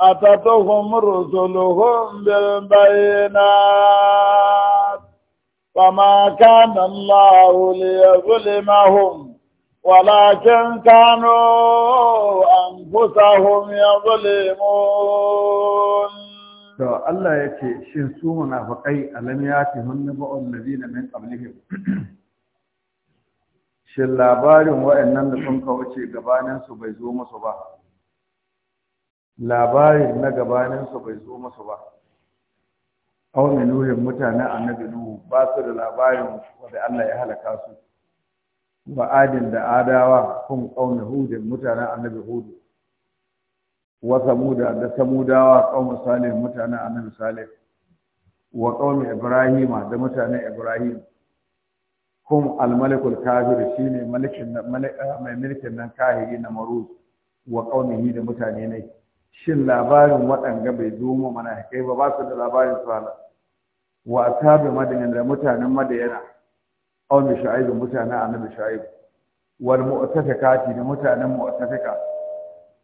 أتتهم رسلهم بالبينات فما كان الله ليظلمهم ولكن كانوا أنفسهم يظلمون to Allah ya ce shin su munafiqai alam yati hunna ba'ul ladina min qablihim shin labarin wa'annan da sun kawace gabanin su bai zo musu ba labarin na gabanin su bai zo musu ba auna nuhin mutanen annabi nuhu ba su da labarin wanda Allah ya halaka su wa adin da adawa kun kauna hudin mutanen annabi hudu wa samuda da samudawa qaumu salih mutanen annabi salih wa qaumu ibrahima da mutanen ibrahim hum al-malikul kafir shine malikin eh, mai mulkin nan kahiri na maruz wa qaumihi da mutane ne shin labarin waɗanga bai zo mu mana kai ba ba su da labarin sala wa ashabi madiyan da mutanen madayana qaumu shu'aib mutanen annabi shu'aib wal mu'tafikati da mutanen mu'tafika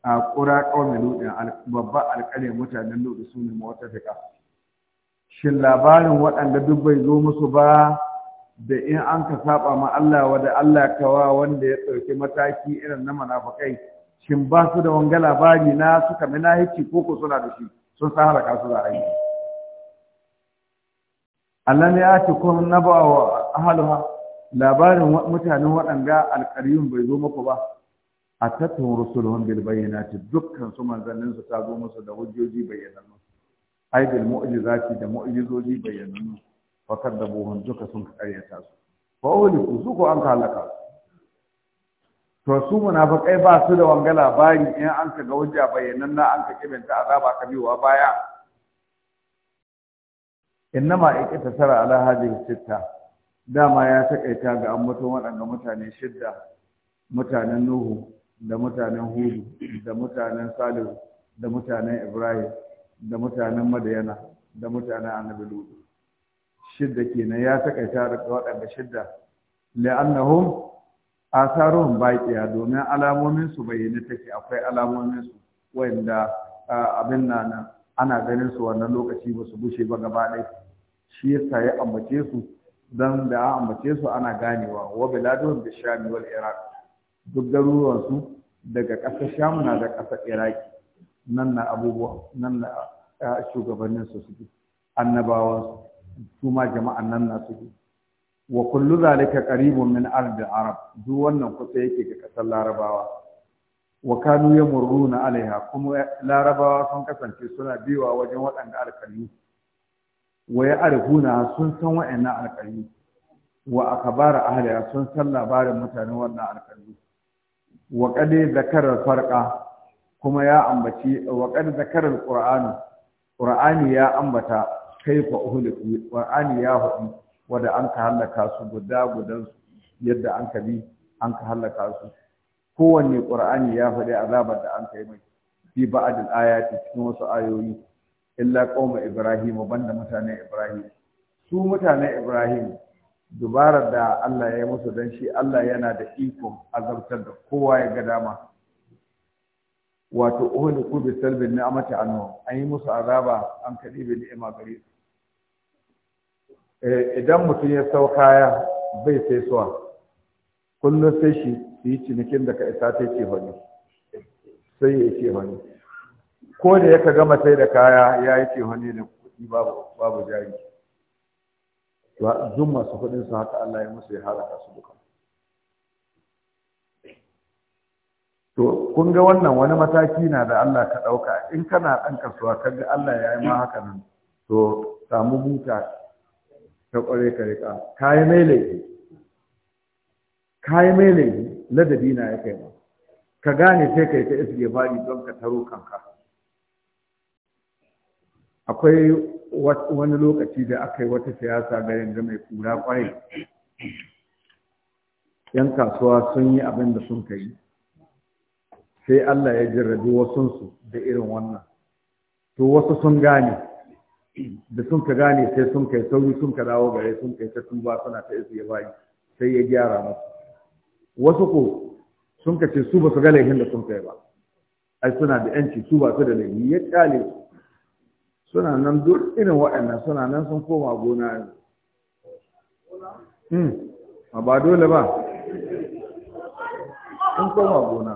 a ƙura ƙaunar lodin babba alƙalin mutanen lodin su ne mawatafika shin labarin waɗanda duk bai zo musu ba da in an ka saba ma Allah wa Allah kawa wanda ya ɗauki mataki irin na munafukai shin ba su da wanga labari na suka minahici ko ko suna da shi sun sa halaka su da aiki Allah ne ya ce ko na ba wa ahaluha labarin mutanen waɗanda alƙaryun bai zo muku ba atattun rusuluhum bil bayyinati dukkan su manzannin su ta zo musu da hujjoji bayyanannu ai bil mu'jizati da mu'jizoji bayyanannu fa kadzabuhum duka sun karyata su fa uliku su ko an halaka to su munafikai ba su da wanga labari in an ka ga hujja na an ka kibinta azaba ka biwa baya innama ikita sara ala hadhihi sitta dama ya takaita ga ambaton waɗanda mutane shidda mutanen nuhu da mutanen hudu da mutanen salihu da mutanen ibrahim da mutanen madayana da mutanen annabi lutu shidda kenan ya takaita da waɗanda shidda la'annahum asaruhum baqiya domin alamomin su bayyana take akwai alamomin su wanda abin nan ana ganin su wannan lokaci ba su bushe ba gaba ɗaya shi yasa ya ambace su dan da an ambace su ana ganewa wa biladun bishami wal iraq duk garuruwansu daga ƙasar shamu na da ƙasar iraki nan na abubuwa nan na shugabannin su suke annabawa su ma jama'an nan na suke wa kullu zalika qaribun min ard arab duk wannan kusa yake ga ƙasar larabawa wa kanu yamurruna alaiha kuma larabawa sun kasance suna biwa wajen waɗanda alƙali wa ya arifuna sun san wa'annan alƙali wa akabara ahliya sun san labarin mutanen wannan alƙali wa qad zakara farqa kuma ya ambaci wa qad zakara qur'ani ya ambata kaifa qur'ani ya wanda an ka halaka su guda gudan yadda an ka bi an ka halaka su kowanne qur'ani ya faɗi azabar da an kai mai fi ba'd al cikin wasu ayoyi illa qauma ibrahim banda mutanen ibrahim su mutanen ibrahim dubarar da Allah ya yi musu don shi Allah yana da iko azabtar da kowa ya ga dama wato uhli ku bi salbin ni'amati anhu an yi musu azaba an kadi bi ni'ima gare su eh, idan mutum ya sau kaya bai sai suwa kullum sai shi yi cinikin da ka isa ta ce sai ya ce wani ko da ya ka gama sai da kaya ya yi ce wani da kuɗi babu jari duk masu kuɗin su haka Allah ya musu ya halaka su duka to kun ga wannan wani mataki na da Allah ka ɗauka in kana ɗan kasuwa ka ga Allah ya yi ma haka nan to samu buta ta ƙware ka riƙa ka yi mai laifi ka mai laifi ladabi na ya kai ka gane sai ka yi ta isge bari don ka taro kanka akwai wani lokaci da aka yi wata siyasa garin da mai kura kwarai yan kasuwa sun yi abin da sun kai sai Allah ya jirage wasunsu da irin wannan to wasu sun gane da sun ka gane sai sun kai sauri sun ka dawo gare sun kai ta tuba suna ta isu ya bayi sai ya gyara masu wasu ko sun ka ce su ba su ga laifin da sun kai ba ai suna da yanci su ba su da laifi ya kyale su suna nan duk irin waɗannan suna nan sun koma gona ne hmm, ba dole ba sun koma gona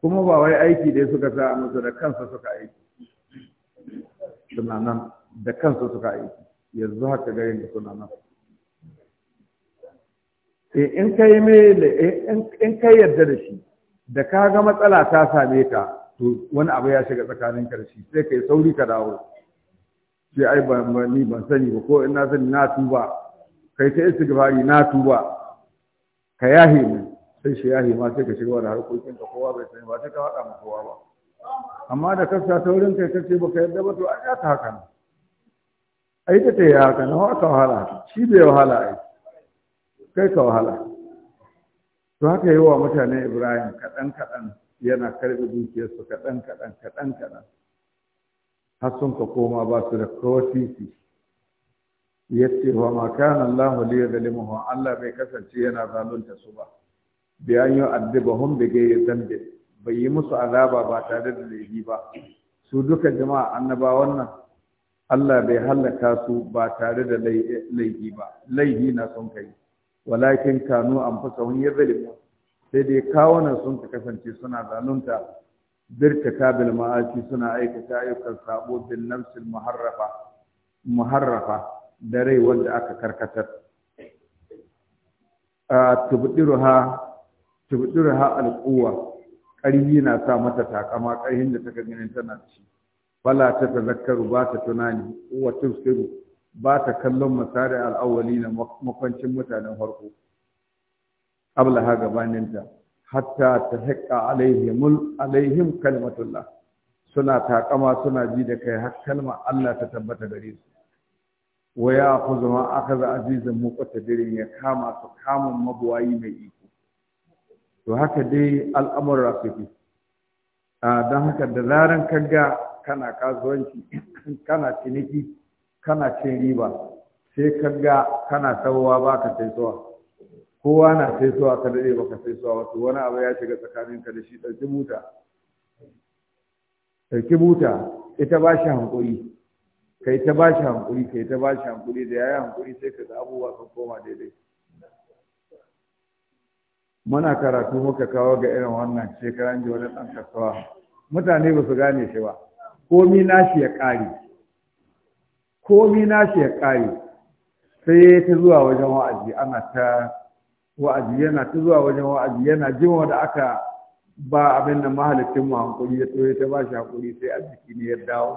kuma ba wai aiki dai suka sa musu da kansa suka aiki suna nan da kansa suka aiki yanzu haka garin da suna nan eh, in kai mai in kai yarda da shi da ka ga matsala ta same ka to wani abu ya shiga tsakanin karshe sai kai sauri ka dawo sai ai ban ni ban sani ba ko in na sani na tuba kai ta istighfari na tuba ka yahe mu sai shi yahe ma sai ka shiga da harkokin ka kowa bai sani ba sai ka faɗa ma kowa ba amma da kasa ta wurin kai kace ka yarda ba to an ta haka ai ta yi haka na ka wahala shi bai wahala ai kai ka wahala to haka yi wa mutanen Ibrahim kaɗan kaɗan yana karɓi dukiyarsu kaɗan kaɗan kaɗan kaɗan har sun ka koma ba su da kawasisi ya ce wa makan Allah li yadhlimuhu Allah bai kasance yana zalunta su ba bi an yu'addibahum bi ghayri zambe bai yi musu azaba ba tare da laifi ba su duka jama'a annaba wannan? Allah bai halaka su ba tare da laifi ba laifi na sun kai walakin kanu an anfusahum yadhlimun sai dai kawunan sun ka kasance suna zalunta birtaka bil ma'asi suna aikata ayyukan sabo bin nafsil muharrafa muharrafa da rai wanda aka karkatar a tubdiruha tubdiruha alquwa ƙarfi na sa mata takama ƙarfin da take ganin tana ci bala ta tazakkaru ba ta tunani wa tufsiru ba ta kallon masari al'awali na makwancin mutanen farko ablaha gabaninta hatta ta haƙa alaihim kalmatullah suna takama suna ji da kai har kalma Allah ta tabbata gare su wa ya khuzu ma akhadha azizan muqtadirin ya kama su kamun mabuwayi mai iko to haka dai al'amuran suke a don haka da zaran kaga kana kasuwanci kana ciniki kana cin riba sai kaga kana tawowa baka sai tsawa kowa na sai suwa ka daɗe ba ka sai suwa wasu wani abu ya shiga tsakaninka da shi ɗauki buta ɗauki buta ita ba shi hankuri kai ta ba shi hankuri kai ta ba shi hankuri da yayi hankuri sai ka ga abubuwa sun koma daidai muna karatu muka kawo ga irin wannan shekaran ji wani ɗan kasuwa mutane ba su gane shi ba komi nashi ya ƙare komi nashi ya ƙare sai ta zuwa wajen wa'azi ana ta wa'azi yana ta zuwa wajen wa'azi yana jin wanda aka ba abin da mahalicin mu hankuri ya tsoye ta ba shi hankuri sai arziki ne ya dawo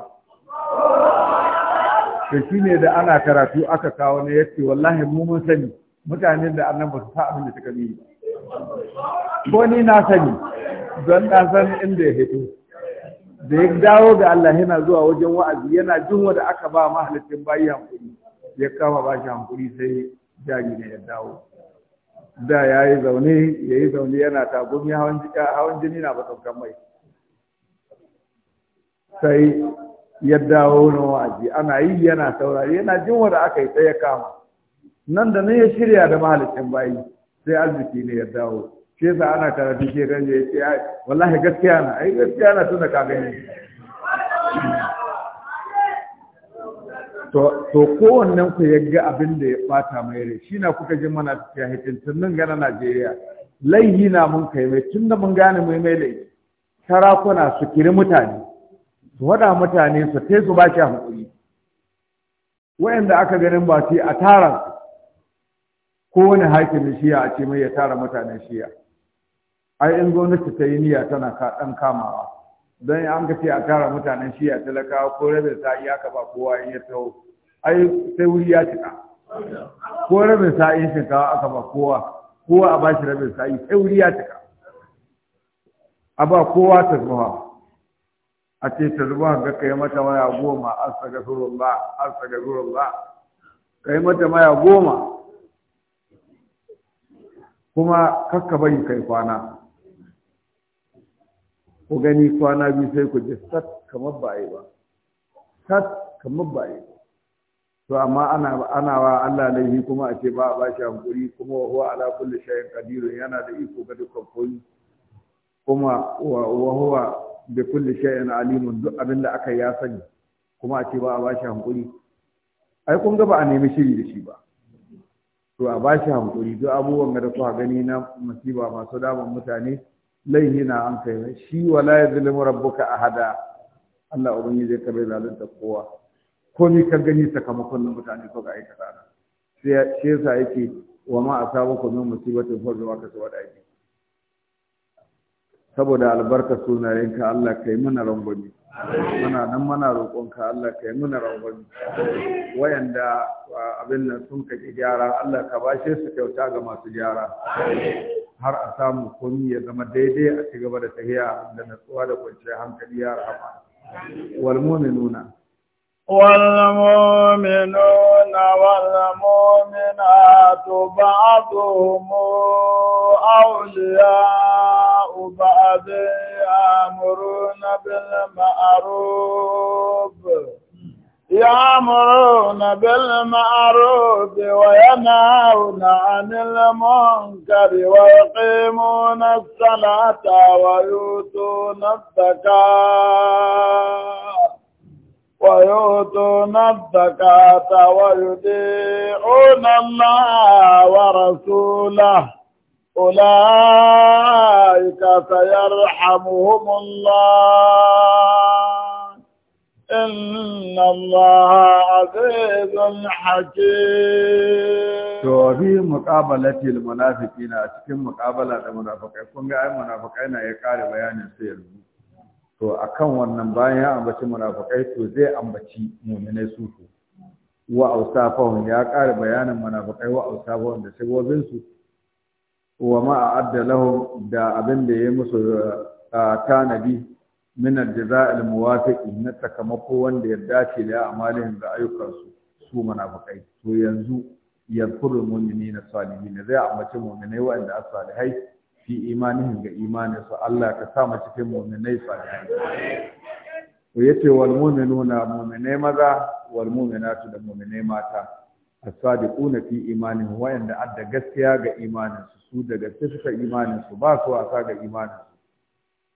da shi ne da ana karatu aka kawo ne ya ce wallahi mu mun sani mutanen da annan ba su sa abin da suka yi ko ni na sani don na san inda ya fito. da ya dawo da Allah yana zuwa wajen wa'azi yana jin wanda aka ba mahalicin bayi hankuri ya kama ba shi hankuri sai jari ne ya dawo da ya yi zaune ya yi zaune yana tagumi hawan jini na saukan mai sai ya dawo na wa'azi ana yi yana saurari yana jin wanda aka yi sai ya kama nan da nan ya shirya da mahalicin bayi sai arziki ne ya dawo shi ana karatu shi kan ya ce wallahi gaskiya na ai gaskiya na da ka gani to kowannen ku ya ga abin da ya bata mai rai shi na kuka ji mana ta hitintunin gana Najeriya laihi na mun kai mai tun da mun gane mai mai laihi sarakuna su kiri mutane su waɗa mutane su tai su baki a hankuri wa'anda aka ganin ba su a tara kowane hakimin shiya a ce mai ya tara mutane shiya ai in gwamnati ta yi niyya tana ɗan kamawa don an ka ce a tara mutanen shi a talakawa ko rabin sa'i aka ba kowa in ya taho ai sai wuri ya cika ko rabin sa'i shinkawa aka ba kowa kowa a bashi rabin sa'i sai wuri ya cika a ba kowa ta zuwa a ce ta zuwa ga kai mata maya goma a a ba, astagfirullah ba, kai mata maya goma kuma kakka bari kai kwana ku gani kwana biyu sai ku ji sat kamar ba yi ba sat kamar ba yi ba to amma ana ana wa Allah laifi kuma a ce ba a bashi hankuri kuma huwa ala kulli shay'in qadir yana da iko ga dukkan koyi kuma wa huwa bi kulli shay'in alimun duk abin da aka ya sani kuma a ce ba a bashi hankuri ai kun ga ba a nemi shiri da shi ba to a bashi hankuri duk abubuwan da kuka gani na masiba masu damun mutane laihi na an kai mai shi wala ya zulmu rabbuka ahada Allah ubangiji ka bai ta kowa Ko ni ka gani sakamakon na mutane ko ga aikata na sai shi yasa yake wa ma asabakum min musibatin fa zuwa ka tawa da saboda albarka sunayenka Allah kai mana rangwami muna nan mana roƙonka Allah kai mana rangwami wayanda abin nan sun kake gyara Allah ka bashe su kyauta ga masu gyara har a samu komi ya zama daidai a ci gaba da tafiya da natsuwa da kwanciyar hankali ya rahama wal mu'minuna wal mu'minuna wal mu'minatu ba'dhum awliya'u ba'd amruna bil ma'ruf يأمرون بالمعروف وينهون عن المنكر ويقيمون الصلاة ويؤتون الزكاة ويؤتون الزكاة ويطيعون الله ورسوله أولئك سيرحمهم الله إن الله عزيز حكيم to bi muqabalati a cikin muqabala da munafikai kun ga ai munafikai na ya kare bayanin su yanzu to akan wannan bayan ya ambaci munafikai to zai ambaci mu'minai su su wa ausafahum ya kare bayanin munafikai wa ausafahum da sabobin su wa ma a'adda lahum da abin da ya musu tanadi min aljaza'il muwafiq na takamako wanda ya dace da amalin ga ayyukansu su munafikai to yanzu yadhkurul mu'minina salihin zai ambaci mu'minai wanda as-salihai fi imanihim ga imanin Allah ka sa mu cikin mu'minai salihai to yace wal mu'minuna mu'minai maza wal mu'minatu da mu'minai mata as-sadiquna fi imanihim wa'anda adda gaskiya ga imanin su su da gaskiya imanin su ba su wasa ga imanin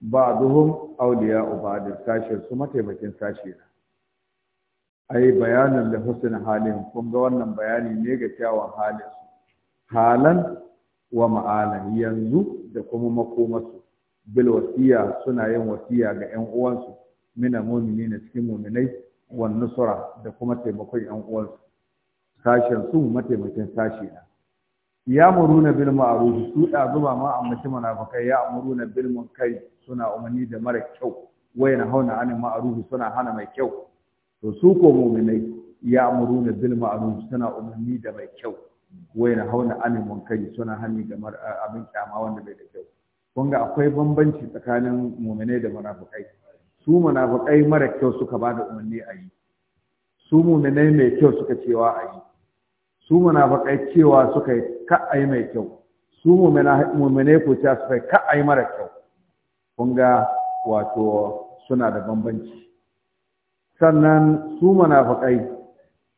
ba duhun auliya uba da su mataimakin sashe na ai bayanin da husn halin kun ga wannan bayani ne ga kyawun halin halan wa ma'alan yanzu da kuma makomasu, bil wasiya suna yin wasiya ga yan uwansu mina mumini na cikin muminai wan nusra da kuma taimakon yan uwansu sashen su mataimakin sashe na ya muruna bil ma'ruf su da zuba ma amma munafikai ya muruna bil munkari suna umarni da mara kyau wayan hauna anil ma'ruf suna hana mai kyau to su ko mu'minai ya da bil ma'ruf suna umarni da mai kyau wayan hauna anil munkari suna hani ga abin kyama wanda bai da kyau kun ga akwai bambanci tsakanin mu'minai da munafikai su munafikai mara kyau suka ba da umarni a yi su mu'minai mai kyau suka cewa a yi su munafikai cewa suka yi ka mai kyau su mu'minai ko ta suka yi ka mara kyau kun ga wato suna da bambanci sannan su munafiqai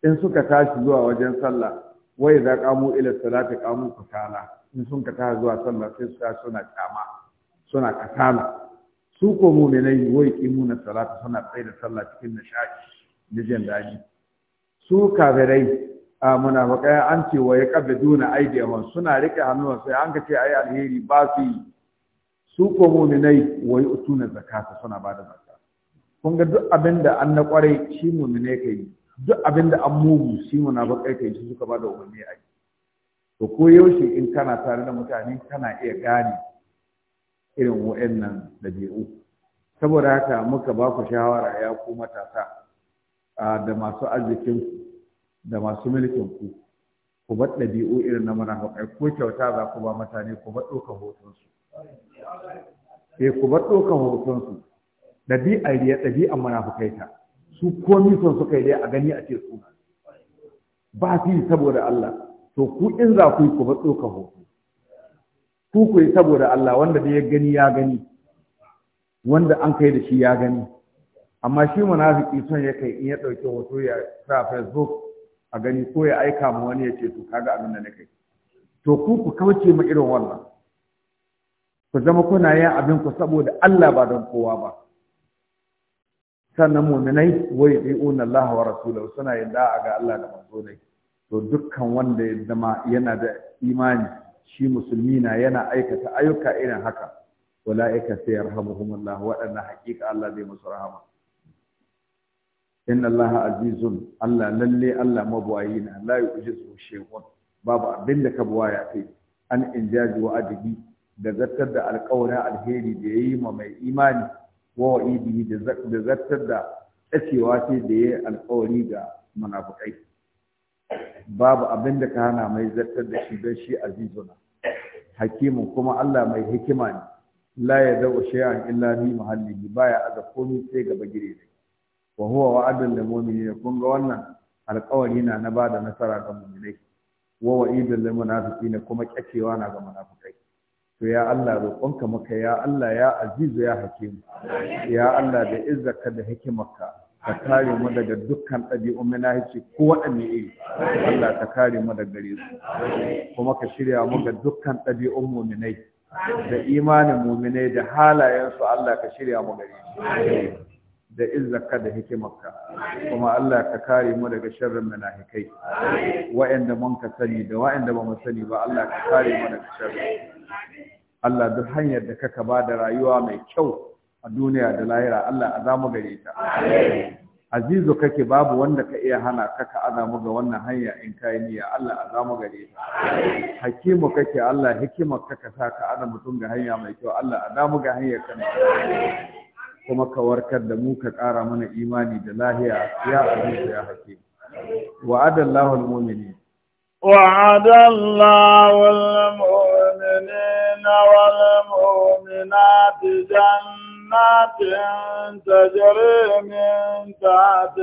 in suka tashi zuwa wajen sallah wai za kamu ila salati kamu kasala in sun ka tashi zuwa sallah sai su tashi suna kama suna kasala su ko mu'minai wai na salati suna tsaye da sallah cikin nishadi da jin daɗi su kafirai a munafiqai an ce wa yaqbiduna aydihim suna rike hannuwansu sai an ka ce ayi alheri ba su yi su ko muminai wa yu'tuna zakata suna bada zakata kun ga duk abin da an na kwarai shi muminai kai duk abin da an mugu shi ba kai shi suka bada umarni a yi to ko yaushe in kana tare da mutane kana iya gane irin wa'annan dabi'u saboda haka muka ba ku shawara ya ku matasa da masu arzikin ku da masu mulkin ku ku bar ɗabi'u irin na munafikai ko kyauta za ku ba mutane ku bar ɗaukar hotonsu sai eh, ku bar ɗaukan hotonsu ɗabi'ar ya ɗabi'ar munafukai ta su komi son suka yi a gani a ce su ba su yi saboda Allah to ku in za ku yi ku bar ɗaukan hoto ku ku yi saboda Allah wanda da ya gani ya gani wanda an kai da shi ya gani amma shi munafiki son ya kai in ya ɗauki hoto ya sa facebook a gani ko ya aika ma wani ya ce to kaga abin da na kai to ku ku kauce ma irin wannan ku zama kuna yin abin ku saboda Allah ba don kowa ba sannan muminai wa yu'una Allah wa rasulahu suna yin da'a ga Allah da manzo ne to dukkan wanda ya zama yana da imani shi musulmi na yana aikata ayyuka irin haka ulaika sayarhamuhumullah waɗannan haƙiƙa Allah zai musu rahama inna Allah azizun Allah lalle Allah mabuwayi na la yu'jizu shay'un babu abin da ka buwaya kai an injaji wa adibi da zartar da alƙawarin alheri da ya yi ma mai imani wa wa'idihi da zartar da tsakewa ce da ya yi alƙawari ga munafukai babu abin da ka hana mai zartar da shi don shi azizuna hakimin kuma Allah mai hikima ne la ya zaɓa shay'an illa ni fi ba baya aza komi sai gaba gire ne wa huwa wa'adun lil ne kun ga wannan alƙawari na na ba da nasara ga mu'minai wa wa'idul lil ne kuma kyacewa na ga munafukai to ya Allah roƙonka maka ya Allah ya azizu ya hakimu ya Allah da izzaka da hikimarka ka kare mu daga dukkan ɗabi'un manahici ko waɗanne iri Allah ka kare mu daga gare su kuma ka shirya mu ga dukkan ɗabi'un muminai da imanin muminai da halayen su Allah ka shirya mu gare su da izzaka da hikimarka kuma Allah ka kare mu daga sharrin munafikai wa'anda mun ka sani da wa'anda ba mu sani ba Allah ka kare mu daga sharri Allah duk hanyar da kaka ba da rayuwa mai kyau a duniya da lahira Allah a zamu gare ta azizu kake babu wanda ka iya hana kaka ana muga wannan hanya in kai niyya Allah a zamu gare ta hakimu kake Allah hikimar kaka sa ka ana mutum ga hanya mai kyau Allah a zamu ga hanyar ka kuma ka warkar da mu ka ƙara mana imani da lahiya ya azizu ya hakimu wa'ada Allahul mu'minin wa'ada Allahul mu'minin من جنات تجري من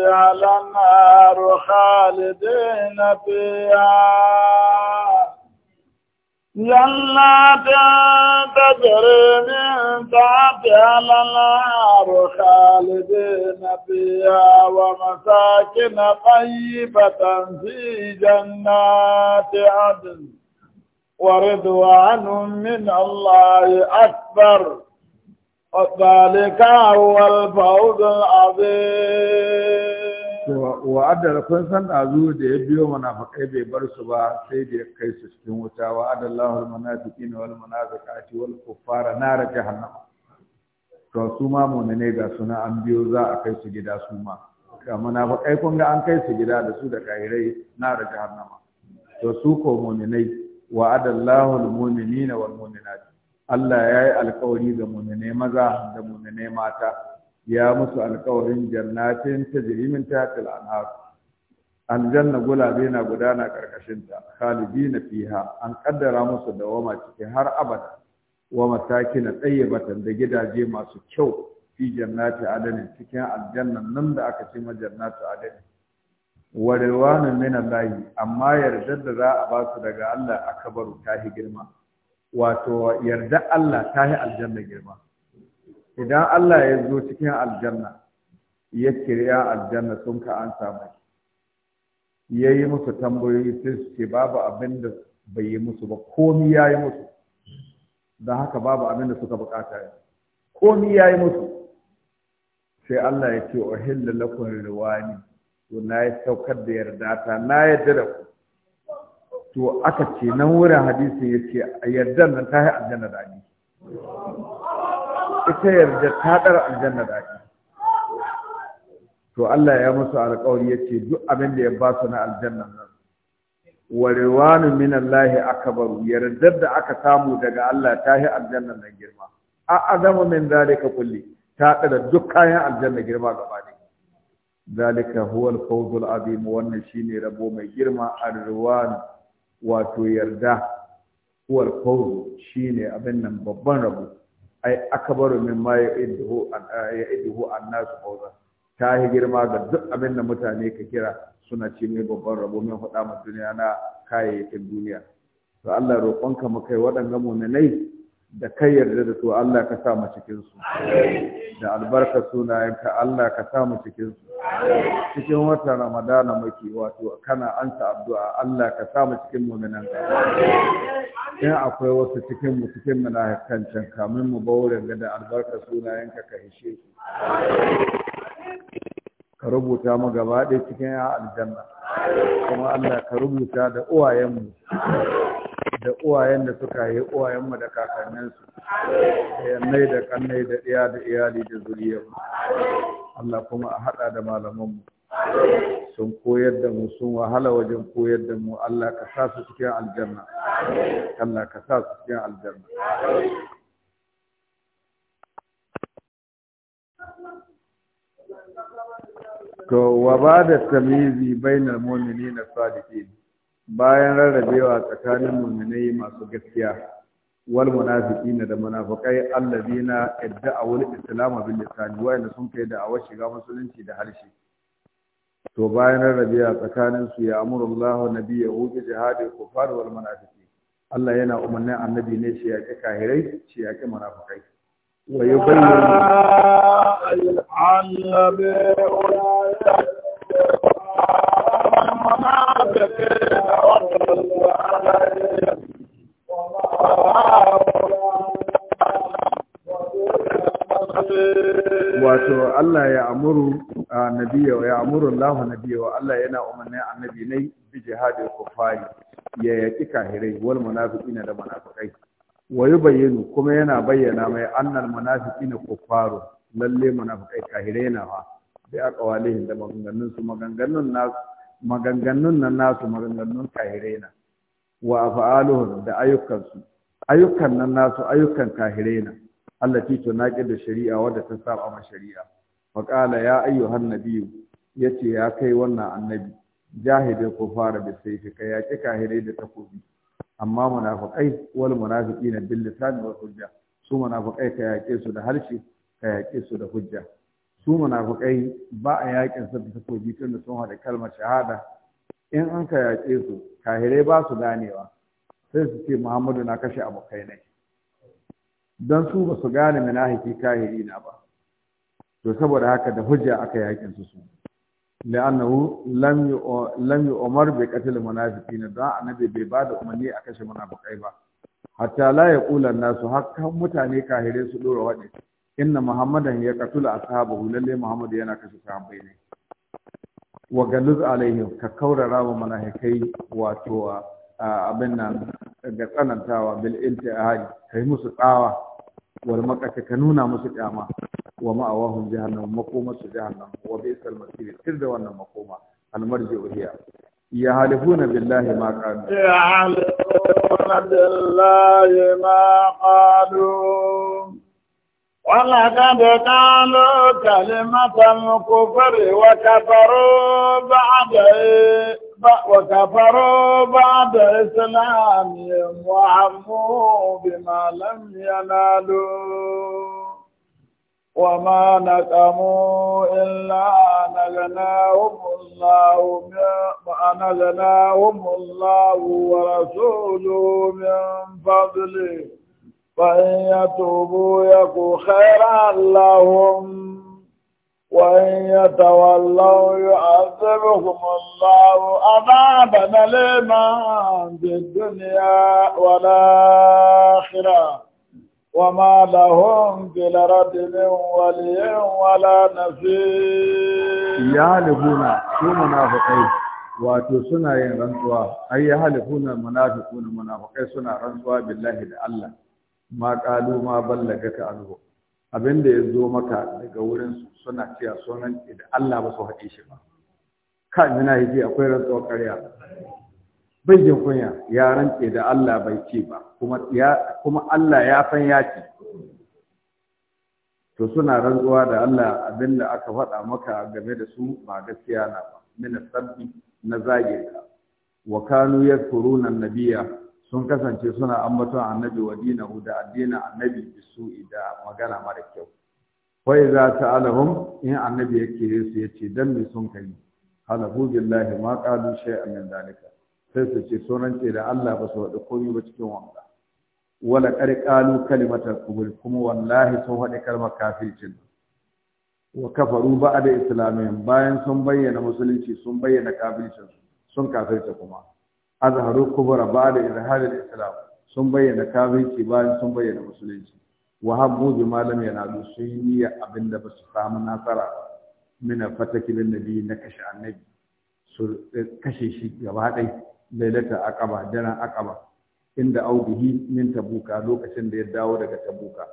على النار خالدين فيها جنات تجري من على النار خالدين فيها ومساكن طيبة في جنات عدن ورضوان من الله أكبر وذلك هو الفوز العظيم wa'adar kun san أزود da ya biyo munafikai bai bar su ba sai da ya kai su cikin wuta wa'ada Allahul munafiqina wal munafiqati to su ma ga suna an biyo za a kai su gida su ma ga munafikai kun ga an kai su gida da su da kairai da jahannama. to su ko mu'minai wa'ada Allahul mu'minina wal mu'minat Allah ya yi alkawari ga mu'mine maza da mu'mine mata ya musu alkawarin jannatin tajri min tahtil anhar aljanna gulabe na gudana karkashin ta khalidina fiha an kaddara musu dawama cikin har abada wa masakin tayyibatan da gidaje masu kyau fi jannati adanin cikin aljannan nan da aka ce ma jannatu adanin wa mina min Allah amma yarda da za a ba daga Allah ta yi girma wato yarda Allah ta yi aljanna girma idan Allah ya zo cikin aljanna ya kirya aljanna sun ka an samu ya yi musu tambayoyi sai su ce babu abin da bai yi musu ba komi ya yi musu don haka babu abin da suka bukata ya komi ya yi musu sai Allah ya ce ohilla lakon riwani to na yi saukar da yarda ta na yarda da ku to aka ce nan wurin hadisi ya ce yardar nan ta yi aljanna da ni ita yarda ta ɗara aljanna da ni to Allah ya musu alƙawari ya ce duk abin da ya ba su na aljanna nan wa riwanu min Allah akbaru yardar da aka samu daga Allah ta yi aljanna nan girma a azamu min zalika kulli ta ɗara duk kayan aljanna girma gaba ne zalika هو الفوز العظيم wannan shine rabo mai girma arwan wato yarda huwa alfawz shine abin nan babban rabo ai akbaru min ma yaiduhu yaiduhu annas fawza ta yi girma ga duk abin da mutane ka kira suna ce mai babban rabo min faɗa ma duniya na kayayyakin duniya to Allah roƙonka mu kai waɗannan mu'minai da kai yarda da su Allah ka sa mu cikin su da albarka sunayenka Allah ka sa mu cikin su cikin watan Ramadana muke wato kana anta addu'a Allah ka sa mu cikin mu'minan ka in akwai wasu cikin mu cikin munafikan can kamin mu baure ga da albarka sunayenka ka hishe su ka rubuta mu gaba ɗaya cikin ya aljanna kuma Allah ka rubuta da uwayenmu da uwayen da suka yi uwayen mu da kakanninsu mai da kannai da iya da iyali da zuriyar Allah kuma a haɗa da malamanmu sun koyar da mu sun wahala wajen koyar da mu Allah ka sa su cikin aljanna Allah ka sa su cikin aljanna to wa ba da tamizi bainal mu'minina sadiqin bayan rarrabewa tsakanin mu'minai masu gaskiya wal munafiqina da munafiqai allazina idda'awul islamu bil wa wa'inda sun kai da'awar shiga musulunci da harshe to bayan rarrabewa tsakanin su ya amuru Allah nabiyahu bi jihadil kufar wal munafiqin Allah yana umarnin annabi ne shi ya ki kahirai shi ya yaƙi munafikai wa yubayyinu wato Allah ya amuru nabiya ya amuru Allah nabiya Allah yana umarni annabi ne bi jihadil kufari ya yaki kahirai wal munafiqina da munafiqai wa yubayyinu kuma yana bayyana mai annal munafiqina kufaru lalle munafiqai kahirai na fa bi aqwalihim da maganganun su maganganun nasu maganganun nan nasu maganganun kahire na wa afa'aluhum da ayyukansu ayyukan nan nasu ayyukan kahire na allati da shari'a wadda ta saba ma shari'a fa qala ya ayyuhan nabiyyu yace ya kai wannan annabi jahidai ko fara da ka yaki da takobi amma munafiqai wal munafiqina bil lisan wal hujja su munafiqai ka yake su da harshe ka yake su da hujja su munafukai ba a yakin su da takobi tun da sun hada kalmar shahada in an ka yaƙe su kahirai ba su ganewa sai su ce muhammadu na kashe abokai ne don su ba su gane munafiki kahiri na ba to saboda haka da hujja aka yakin su su la'annahu lam lam umar bi qatl munafiqina da annabi bai ba da umarni a kashe munafukai ba hatta la yaqula nasu hakkan mutane kahirai su dora waɗanda inna muhammadan ya katula ashabahu lalle muhammadu yana kashe sahabbai ne wa galuz alaihim ka kaurara wa malaikai wato abin nan ga tsanantawa bil intihari kai musu tsawa wal makaka ka nuna musu kyama wa ma'awahum jahannam makoma su jahannam wa sal masir da wannan makoma al Ya halifuna billahi ma ما Ya halifuna billahi ma قالوا ولقد قالوا كلمة الكفر وكفروا بعد وكفروا بعد إسلامهم وعموا بما لم ينالوا وما نقموا إلا أن الله أن الله ورسوله من فضله فإن يتوبوا يكو خيرا لهم وإن يتولوا يعذبهم الله عذابا أليما في الدنيا والآخرة وما لهم في الأرض من ولي ولا نصير يهلكون شو منافقين wato suna yin rantsuwa ai ya halifuna munafiquna munafiqai suna rantsuwa billahi da Allah ma ƙalu ma ballaga ka anhu Abinda da ya zo maka daga wurin suna cewa sunan da Allah ba su haɗe shi ba ka yana yi akwai rantsuwa ƙarya bai jin kunya ya rantse da Allah bai ce ba kuma ya kuma Allah ya san ya ce to suna rantsuwa da Allah abinda aka faɗa maka game da su ba gaskiya na ba min sabbi na zagirka wa kanu yadhkuruna nabiyya sun kasance suna ambaton annabi wa dinahu da addinin annabi bisu'i da magana mara kyau wai za ta alahum in annabi yake su ya ce dan me sun kai halahu billahi ma qalu shay'an min dalika sai su ce sunan ce da Allah ba su wada komai ba cikin wanda wala qalu kalimatal kuma wallahi sun wada kalmar kafircin wa kafaru ba'da islamin bayan sun bayyana musulunci sun bayyana kafircin sun kafirta kuma azharu kubra ba'da izhar al-islam sun bayyana kafirci bayan sun bayyana musulunci wa habu bi malam lam yanalu sun abinda ba su samu nasara min fataki lin nabi na kashe annabi su kashe shi gaba dai lailata aqaba dana aqaba inda audihi min tabuka lokacin da ya dawo daga tabuka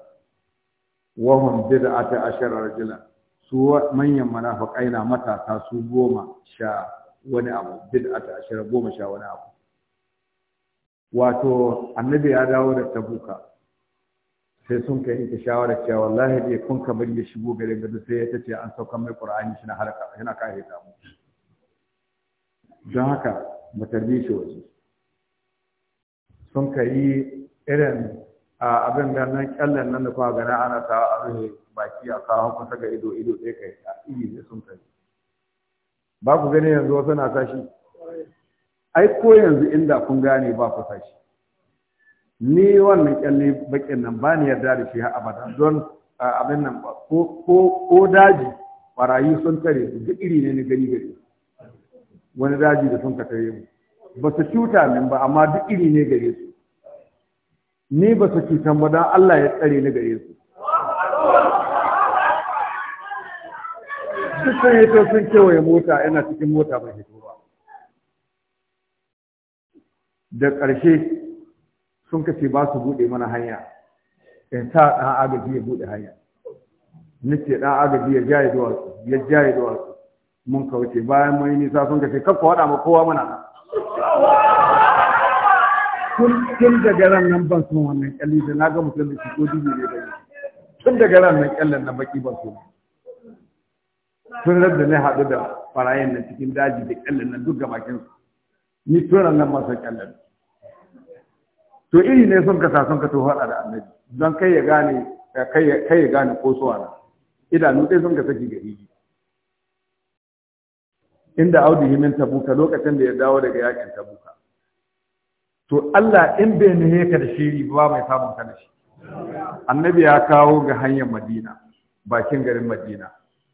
wa hum bid'ata ashara rajula su manyan munafiqai matasa su goma sha wani abu bid'ata ashara goma sha wani abu wato annabi ya dawo da tabuka sai sun kai ita shawara cewa wallahi dai kun ka bari ya shigo garin gado sai ya tace an saukan mai qur'ani shi na harka yana kare ta mu don haka mu shi waje sun kai irin abin da nan kyallan nan da kuma gana ana ta rufe baki a kawo kusa ga ido ido ɗaya kai a yi sun kai ba ku gani yanzu wasu na tashi ai ko yanzu inda kun gane ba ku sashi ni wannan kyalle bakin nan ba ni yarda da shi har abada don abin nan ba ko daji barayi sun tare su duk iri ne na gani gari wani daji da sun tare mu ba su cuta min ba amma duk iri ne gare su ni ba su cutan ba don Allah ya tsare ni gare su duk ta sun kewaye mota ina cikin mota ba hito ba da ƙarshe sun kace ba su buɗe mana hanya in sa ɗan agaji ya buɗe hanya ce ɗan agaji ya jaye wasu ya jaye wasu mun kauce bayan mun yi nisa sun kace kakka waɗa ma kowa mana tun daga ran nan ban son wannan kyalli da na ga mutum da shi ko dubu ne da tun daga ran nan kyallin na baki ban son tun da na haɗu da farayin na cikin daji da kyallin nan duk gabakinsu. ni turan nan masa kyallan to iri ne sun kasa son ka to hada da annabi don kai ya gane eh, kai ya gane ko suwa na idanu ɗaya son ka saki gari inda audu himin tabuka lokacin da ya dawo daga yakin tabuka to Allah in bai ne ka da shiri ba mai samun ka shi annabi ya kawo ga hanyar madina bakin garin madina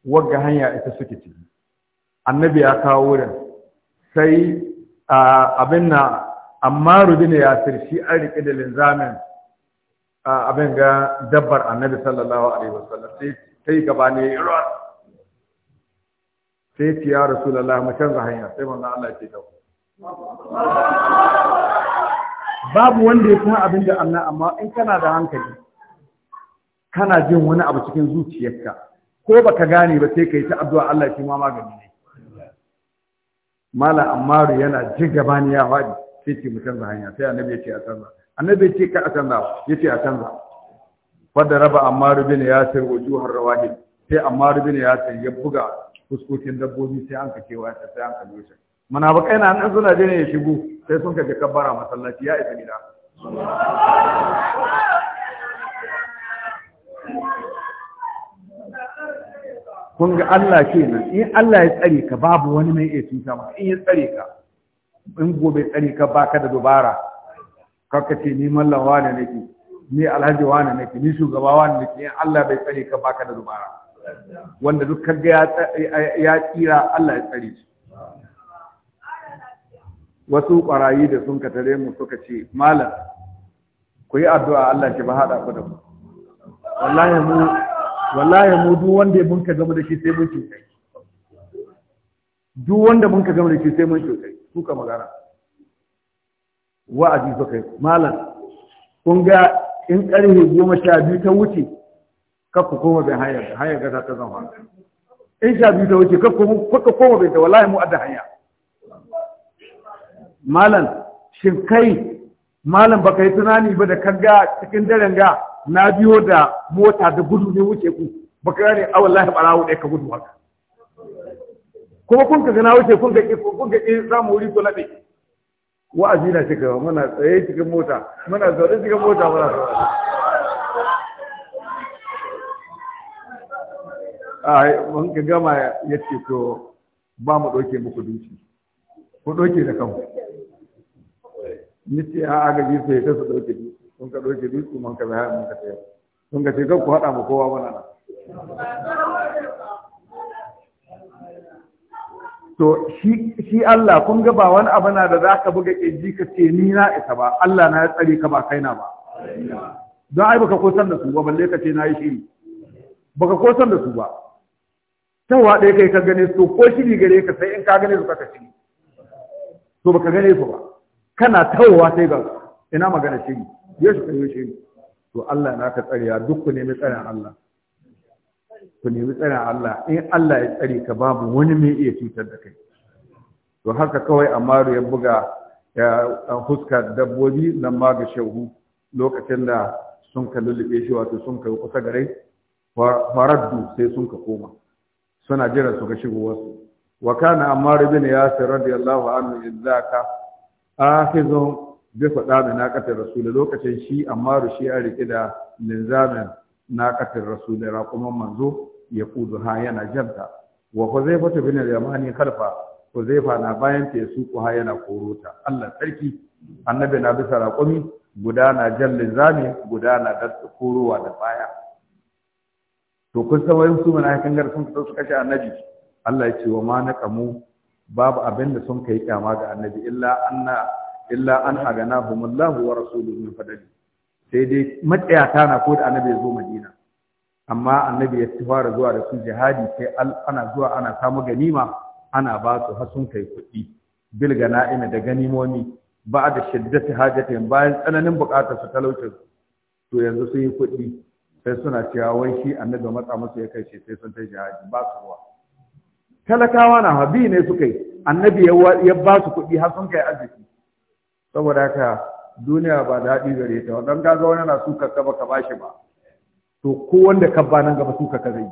wagga hanya ita suke ciki annabi ya kawo da sai abin na amma rubi ne ya shi an riƙe da linzamin abin ga dabbar annabi sallallahu alaihi wasallam sai ta yi gaba ne ya sai ci ya rasulallah mu canza hanya sai manzo Allah ya ce ta babu wanda ya kuma abin da Allah amma in kana da hankali kana jin wani abu cikin zuciyarka ko baka gane ba sai kai ta addu'a Allah shi ma magani mala ammaru yana jin gabani ya faɗi sai ce mu canza hanya sai annabi ya ce a canza annabi ya ce ka a canza ya ce a canza fadda raba ammaru bin yasir wujuhar rawahi sai ammaru bin yasir ya buga fuskokin dabbobi sai an ka kewa ta sai an ka mana munafikai na an suna jini ya shigo sai sun ka ga kabbara masallaci ya isa gida kun ga Allah ce nan in Allah ya tsare ka babu wani mai iya cuta maka in ya tsare ka in gobe tsare ka baka da dubara kaka ce ni mallan wane nake ni alhaji wane nake ni shugaba wane nake in Allah bai tsare ka baka da dubara wanda duk kaga ya tsira Allah ya tsare shi wasu ƙwarayi da sun tare mu suka ce malam ku yi addu'a Allah ki ba hada ku da mu wallahi mu wallahi mu duk wanda mun ka gama da shi sai mun cutai duk wanda mun ka gama da shi sai mun cutai su ka magana wa'azi suka kai malam kun ga in ƙarfe goma sha biyu ta wuce ku koma bai hayar da hayar gata ta zama in sha biyu ta wuce kakku koma bai ta wallahi mu adda hanya malam shin kai malam baka yi tunani ba da kaga cikin daren ga na biyo da mota da gudu ne wuce ku ba ka gane a ah, wallahi barawo ɗaya ka gudu haka kuma kun ka gana wuce kun ka ƙi kun ka ƙi samu wuri ko naɗe wa'azi na cika muna tsaye cikin mota muna zaune cikin mota muna zaune a mun ka gama ya ce to ba mu ɗauke muku duki ku ɗauke da kanku ni ce a agaji sai ka su ɗauke duki sun ka ɗauke dutse man ka bayan man ka tsaye sun ka ce kan ku haɗa mu kowa mana na to shi Allah kun ga ba wani abu na da za ka buga ƙirji ka ce ni na isa ba Allah na ya tsare ka ba kai na ba don ai baka kosan da su ba balle ka ce na yi shiri baka kosan da su ba tawa ɗaya kai ka gane su ko shiri gare ka sai in ka gane su ka shiri to baka gane su ba kana tawowa sai ga ina magana shiri ya shi kayo shi to Allah na ka ya duk ku nemi tsarin Allah ku nemi tsarin Allah in Allah ya tsare ka babu wani mai iya cutar da kai to haka kawai Amaru ya buga ya huska dabbobi nan maga ga shehu lokacin da sun ka lullube shi wato sun ka kusa gare faraddu sai sun ka koma suna jira su ga shigowarsu wa kana Amaru bin Yasir radiyallahu anhu idzaka akhizun bisa ɗana da ƙatar rasulu lokacin shi amma rushi ya riƙe da linzamin na ƙatar da kuma manzo ya kudu ha yana janta wa ko zai fata bin yamani kalfa ko zai na bayan ta su ko ha yana korota Allah sarki annabi na bisa raƙumi guda na jan linzami guda na da korowa da baya to kun san wai su mana kan garin sun su kashe annabi Allah ya ce wa ma naqamu babu abinda da sun kai kyama ga annabi illa anna illa an haganahum Allah wa rasuluhu min fadli sai dai matsayata na ko da annabi ya zo Madina amma annabi ya fara zuwa da su jihadi sai ana zuwa ana samu ganima ana ba su har kai kuɗi bil gana'ima da ganimomi ba da shiddati hajatin bayan tsananin buƙatar su talaucin to yanzu sun yi kuɗi sai suna cewa wai shi annabi matsa musu ya kai shi sai sun tai jihadi ba su ruwa talakawa na habi ne suka yi annabi ya ba su kuɗi har sun kai arziki saboda haka duniya ba daɗi gare ta wannan ka ga na suka ka baka bashi ba to ko wanda ka ba nan gaba suka ka zai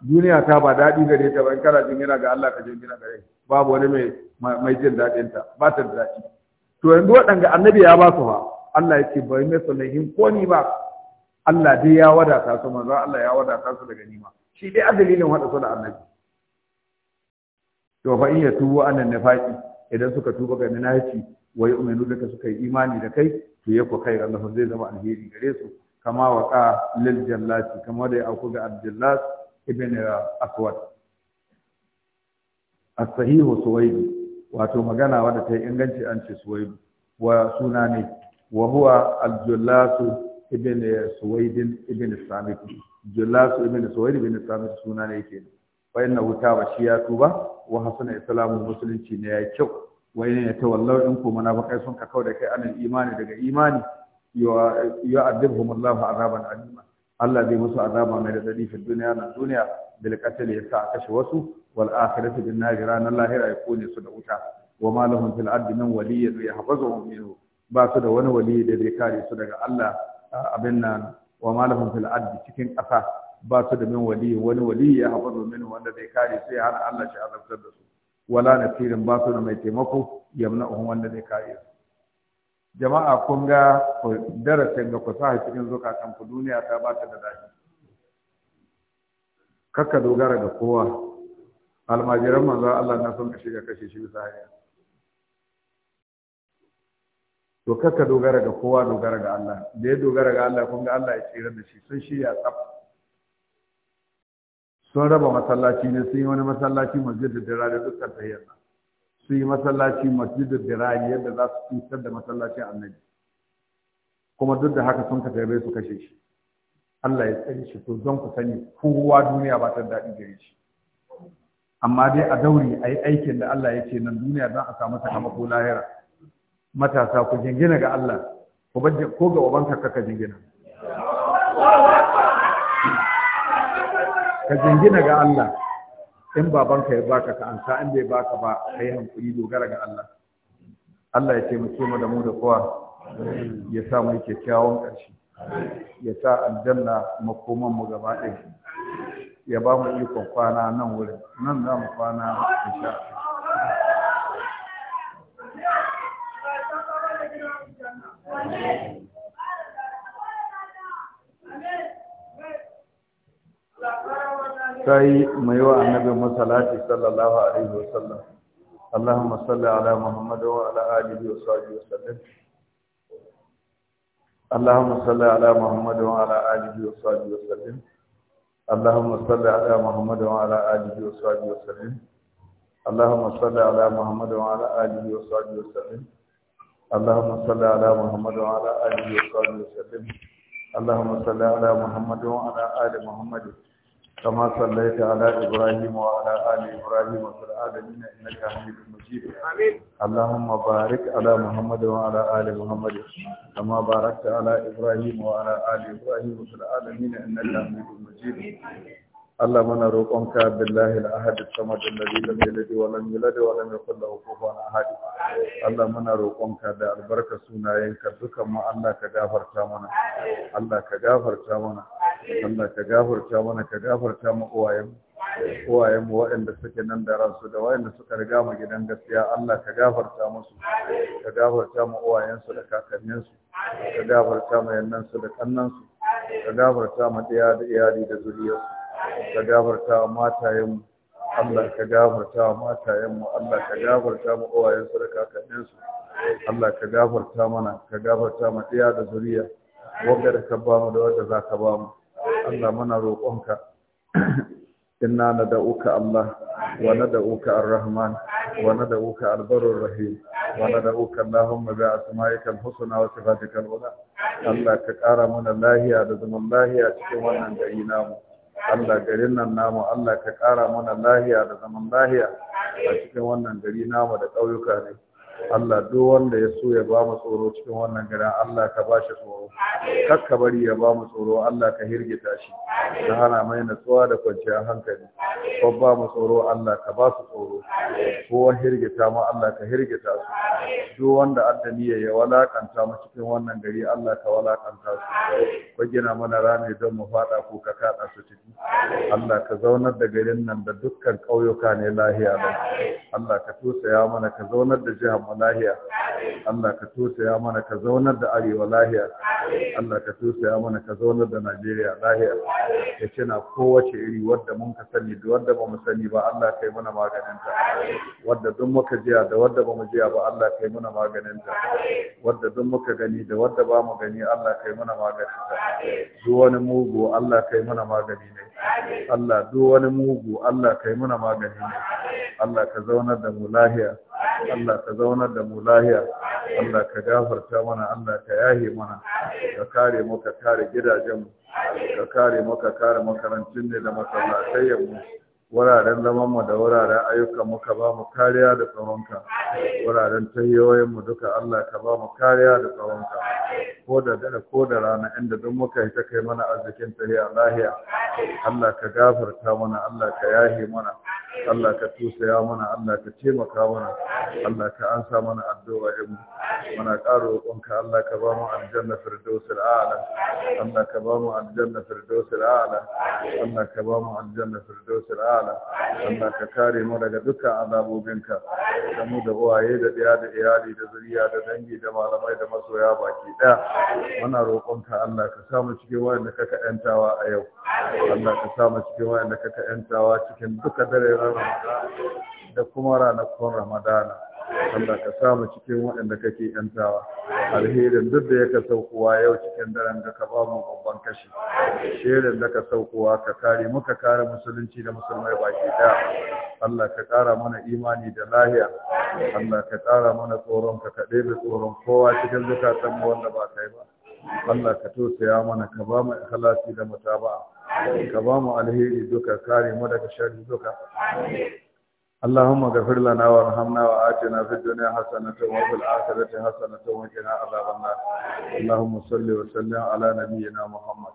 duniya ta ba daɗi gare ta ba in kana jin yana ga Allah ka jin yana gare babu wani mai mai jin daɗin ta ba ta daɗi to yanzu waɗanda annabi ya ba su fa Allah ya ce bai mai sunahin ko ni ba Allah dai ya wadata su manzo Allah ya wadata su daga nima shi dai adalilin wada su da annabi to fa in ya tubu anan nafaqi idan suka tuba ga nanaci wa yu'minu da suka yi imani da kai to yako kai Allah zai zama alheri gare su kama wa ka lil jallati kama da ya ga abdullah ibn aswad as-sahihu suwaidi wato magana wadda ta yi inganci an ce suwaidi wa suna ne wa huwa al-jallasu ibn suwaidin ibn samit jallasu ibn suwaid ibn samit suna ne yake fa inna huta ba shi ya tuba wa hasana islamu musulunci ne ya kyau Wai ne ya wallau in ko munafikai sun ka kau da kai anan imani daga imani yu'adhibhum Allahu azaban alima Allah zai musu azaba mai radadi fi duniya na duniya bil qatl ya sa kashe wasu wal akhirati bin nar ranar lahira ya kone su da wuta wa ma lahum fil ardi min waliyyin yahfazuhum minhu ba su da wani waliyi da zai kare su daga Allah abin nan wa ma lahum fil ardi cikin ƙasa ba su da min waliyyin wani waliyyi yahfazuhum minhu wanda zai kare su ya hana Allah shi azabtar da su wala firin ba su da mai taimako Yamna uhun wanda zai kare su jama'a kun ga darasin ga ku sa cikin zukatan ku duniya ta ba ta da daɗi kakka dogara ga kowa almajiran manzo Allah na son ka shiga kashe shi bisa hanya to kakka dogara ga kowa dogara ga Allah da ya dogara ga Allah kun ga Allah ya tsira da shi sun shi ya tsaf sun raba masallaci ne sun yi wani masallaci dira da dukkan tahiyar nan sun yi masallaci da dira yadda za su cutar da masallacin annabi kuma duk da haka sun kafa su kashe shi Allah ya tsare shi to don ku sani kowa duniya ba ta daɗi gare shi amma dai a dauri a yi aikin da Allah ya ce nan duniya don a samu sakamako lahira matasa ku jingina ga Allah ko ga ubanka kaka jingina ka jingina ga Allah in babanka ya baka ka ansa in bai baka ba ka yi dogara ga Allah Allah ya taimake mu da mu da kowa ya sa mu kyakkyawan ƙarshe ya sa aljanna makoman mu gaba ɗaya ya ba mu ikon kwana nan wurin nan za mu kwana insha Allah ta yi mai wa annabi masalati sallallahu alaihi sallam Allahumma salli ala Muhammad wa ala alihi wa sahbihi wa sallam Allahumma salli ala Muhammad wa ala alihi wa sahbihi wa sallam Allahumma salli ala Muhammad wa ala alihi wa sahbihi wa sallam Allahumma salli ala Muhammad wa ala alihi wa sahbihi wa sallam ala صل على محمد وعلى اله وصحبه وسلم اللهم صل على ala ali ال محمد كما صليت على إبراهيم وعلى آل إبراهيم في العالمين إنك حميد مجيد آمين اللهم بارك على محمد وعلى آل محمد كما باركت على إبراهيم وعلى آل إبراهيم في العالمين إنك حميد مجيد اللهم انا روقك بالله الاحد الصمد الذي لم يلد ولم يولد ولم يكن له كفوا احد اللهم انا روقك da albarka sunayenka dukan mu Allah ka gafarta mana Allah ka gafarta mana Allah ka gafarta mana ka gafarta mu uwayen uwayen mu waɗanda suke nan da ransu da waɗanda suka riga mu gidan gaskiya Allah ka gafarta musu ka gafarta mu uwayen su da kakannin su ka gafarta mu yannan su da kannan su ka gafarta mu ɗaya da iyali da zuriyar su ka gafarta mu matayen mu Allah ka gafarta wa matayenmu Allah ka gafarta mu su da su Allah ka gafarta mana ka gafarta mu iya da zuriya wanda da ka ba mu da wanda za ka ba mu Allah muna roƙonka inna nad'uka Allah wa nad'uka Ar-Rahman wa nad'uka Al-Barur Rahim wa nad'uka Allahumma bi asma'ika al-husna wa sifatika ula Allah ka ƙara mana lahiya da zaman lahiya cikin wannan gari namu Allah garin nan namu Allah ka ƙara mana lahiya da zaman lahiya a cikin wannan gari namu da ƙauyuka ne Allah duk wanda ya so ya ba mu tsoro cikin wannan garin Allah ka ba shi tsoro kar ka bari ya ba mu tsoro Allah ka hirgita shi ka hana mai natsuwa da kwanciyar hankali ko ba mu tsoro Allah ka ba su tsoro ko hirgita mu Allah ka hirgita su duk wanda addaniya ya walakanta mu cikin wannan gari Allah ka walakanta su ko gina mana rami don mu fada ko ka kada su ciki Allah ka zaunar da garin nan da dukkan ƙauyuka ne lahiya Allah ka tusaya mana ka zaunar da jihar wa lahiya Allah ka tosaya mana ka zaunar da arewa lahiya Allah ka tosaya mana ka zaunar da Najeriya lahiya ce na kowace iri wadda mun ka sani da wadda ba mu sani ba Allah kai mana maganinta wadda duk muka jiya da wadda ba mu jiya ba Allah kai mana maganinta wadda duk muka gani da wadda ba mu gani Allah kai mana maganinta duk wani mugu Allah kai mana magani ne Allah duk wani mugu Allah kai mana magani ne Allah ka zaunar da mu lahiya Allah ka zaunar da mu lahiya Allah ka gafarta mana Allah ka yahe mana ka kare mu ka kare gidajenmu ka kare mu ka kare makarantun ne da masallatayyanmu wuraren zamanmu da wuraren ayyukanmu ka ba mu kariya da tsawonka wuraren tahiyoyinmu duka Allah ka ba mu kariya da tsawonka ko da dare ko da rana inda duk muka yi ta kai mana arzikin tahiya lahiya Allah ka gafarta mana Allah ka yahe mana Allah ka tusaya mana Allah ka taimaka mana Allah ka ansa mana addu'a mu muna ƙara roƙonka Allah ka ba mu aljanna firdausul a'la Allah ka ba mu aljanna firdausul a'la Allah ka ba mu aljanna firdausul a'la Allah ka kare mu daga dukkan azabobinka da mu da uwaye da ɗaya da iyali da zuriya da dangi da malamai da masoya baki ɗaya muna roƙonka Allah ka sa mu cikin wayanda kaka yantawa a yau Allah ka sa mu cikin wayanda kaka yantawa cikin duka dare da kuma ranakun ramadana Allah ka samu cikin waɗanda kake yantawa alherin duk da yaka saukowa yau cikin daren da ka ba mu babban kashi shirin da ka saukowa ka kare muka kare musulunci da musulmai baki da Allah ka kara mana imani da lahiya Allah ka kara mana tsoron ka kaɗai da tsoron kowa cikin zukatan mu wanda ba kai ba Allah ka tausaya mana ka ba mu ikhlasi da mutaba'a ka ba mu alheri duka kare mu daga sharri duka اللهم اغفر لنا وارحمنا وآتنا في الدنيا حسنة وفي الآخرة حسنة وقنا عذاب النار اللهم صل وسلم على نبينا محمد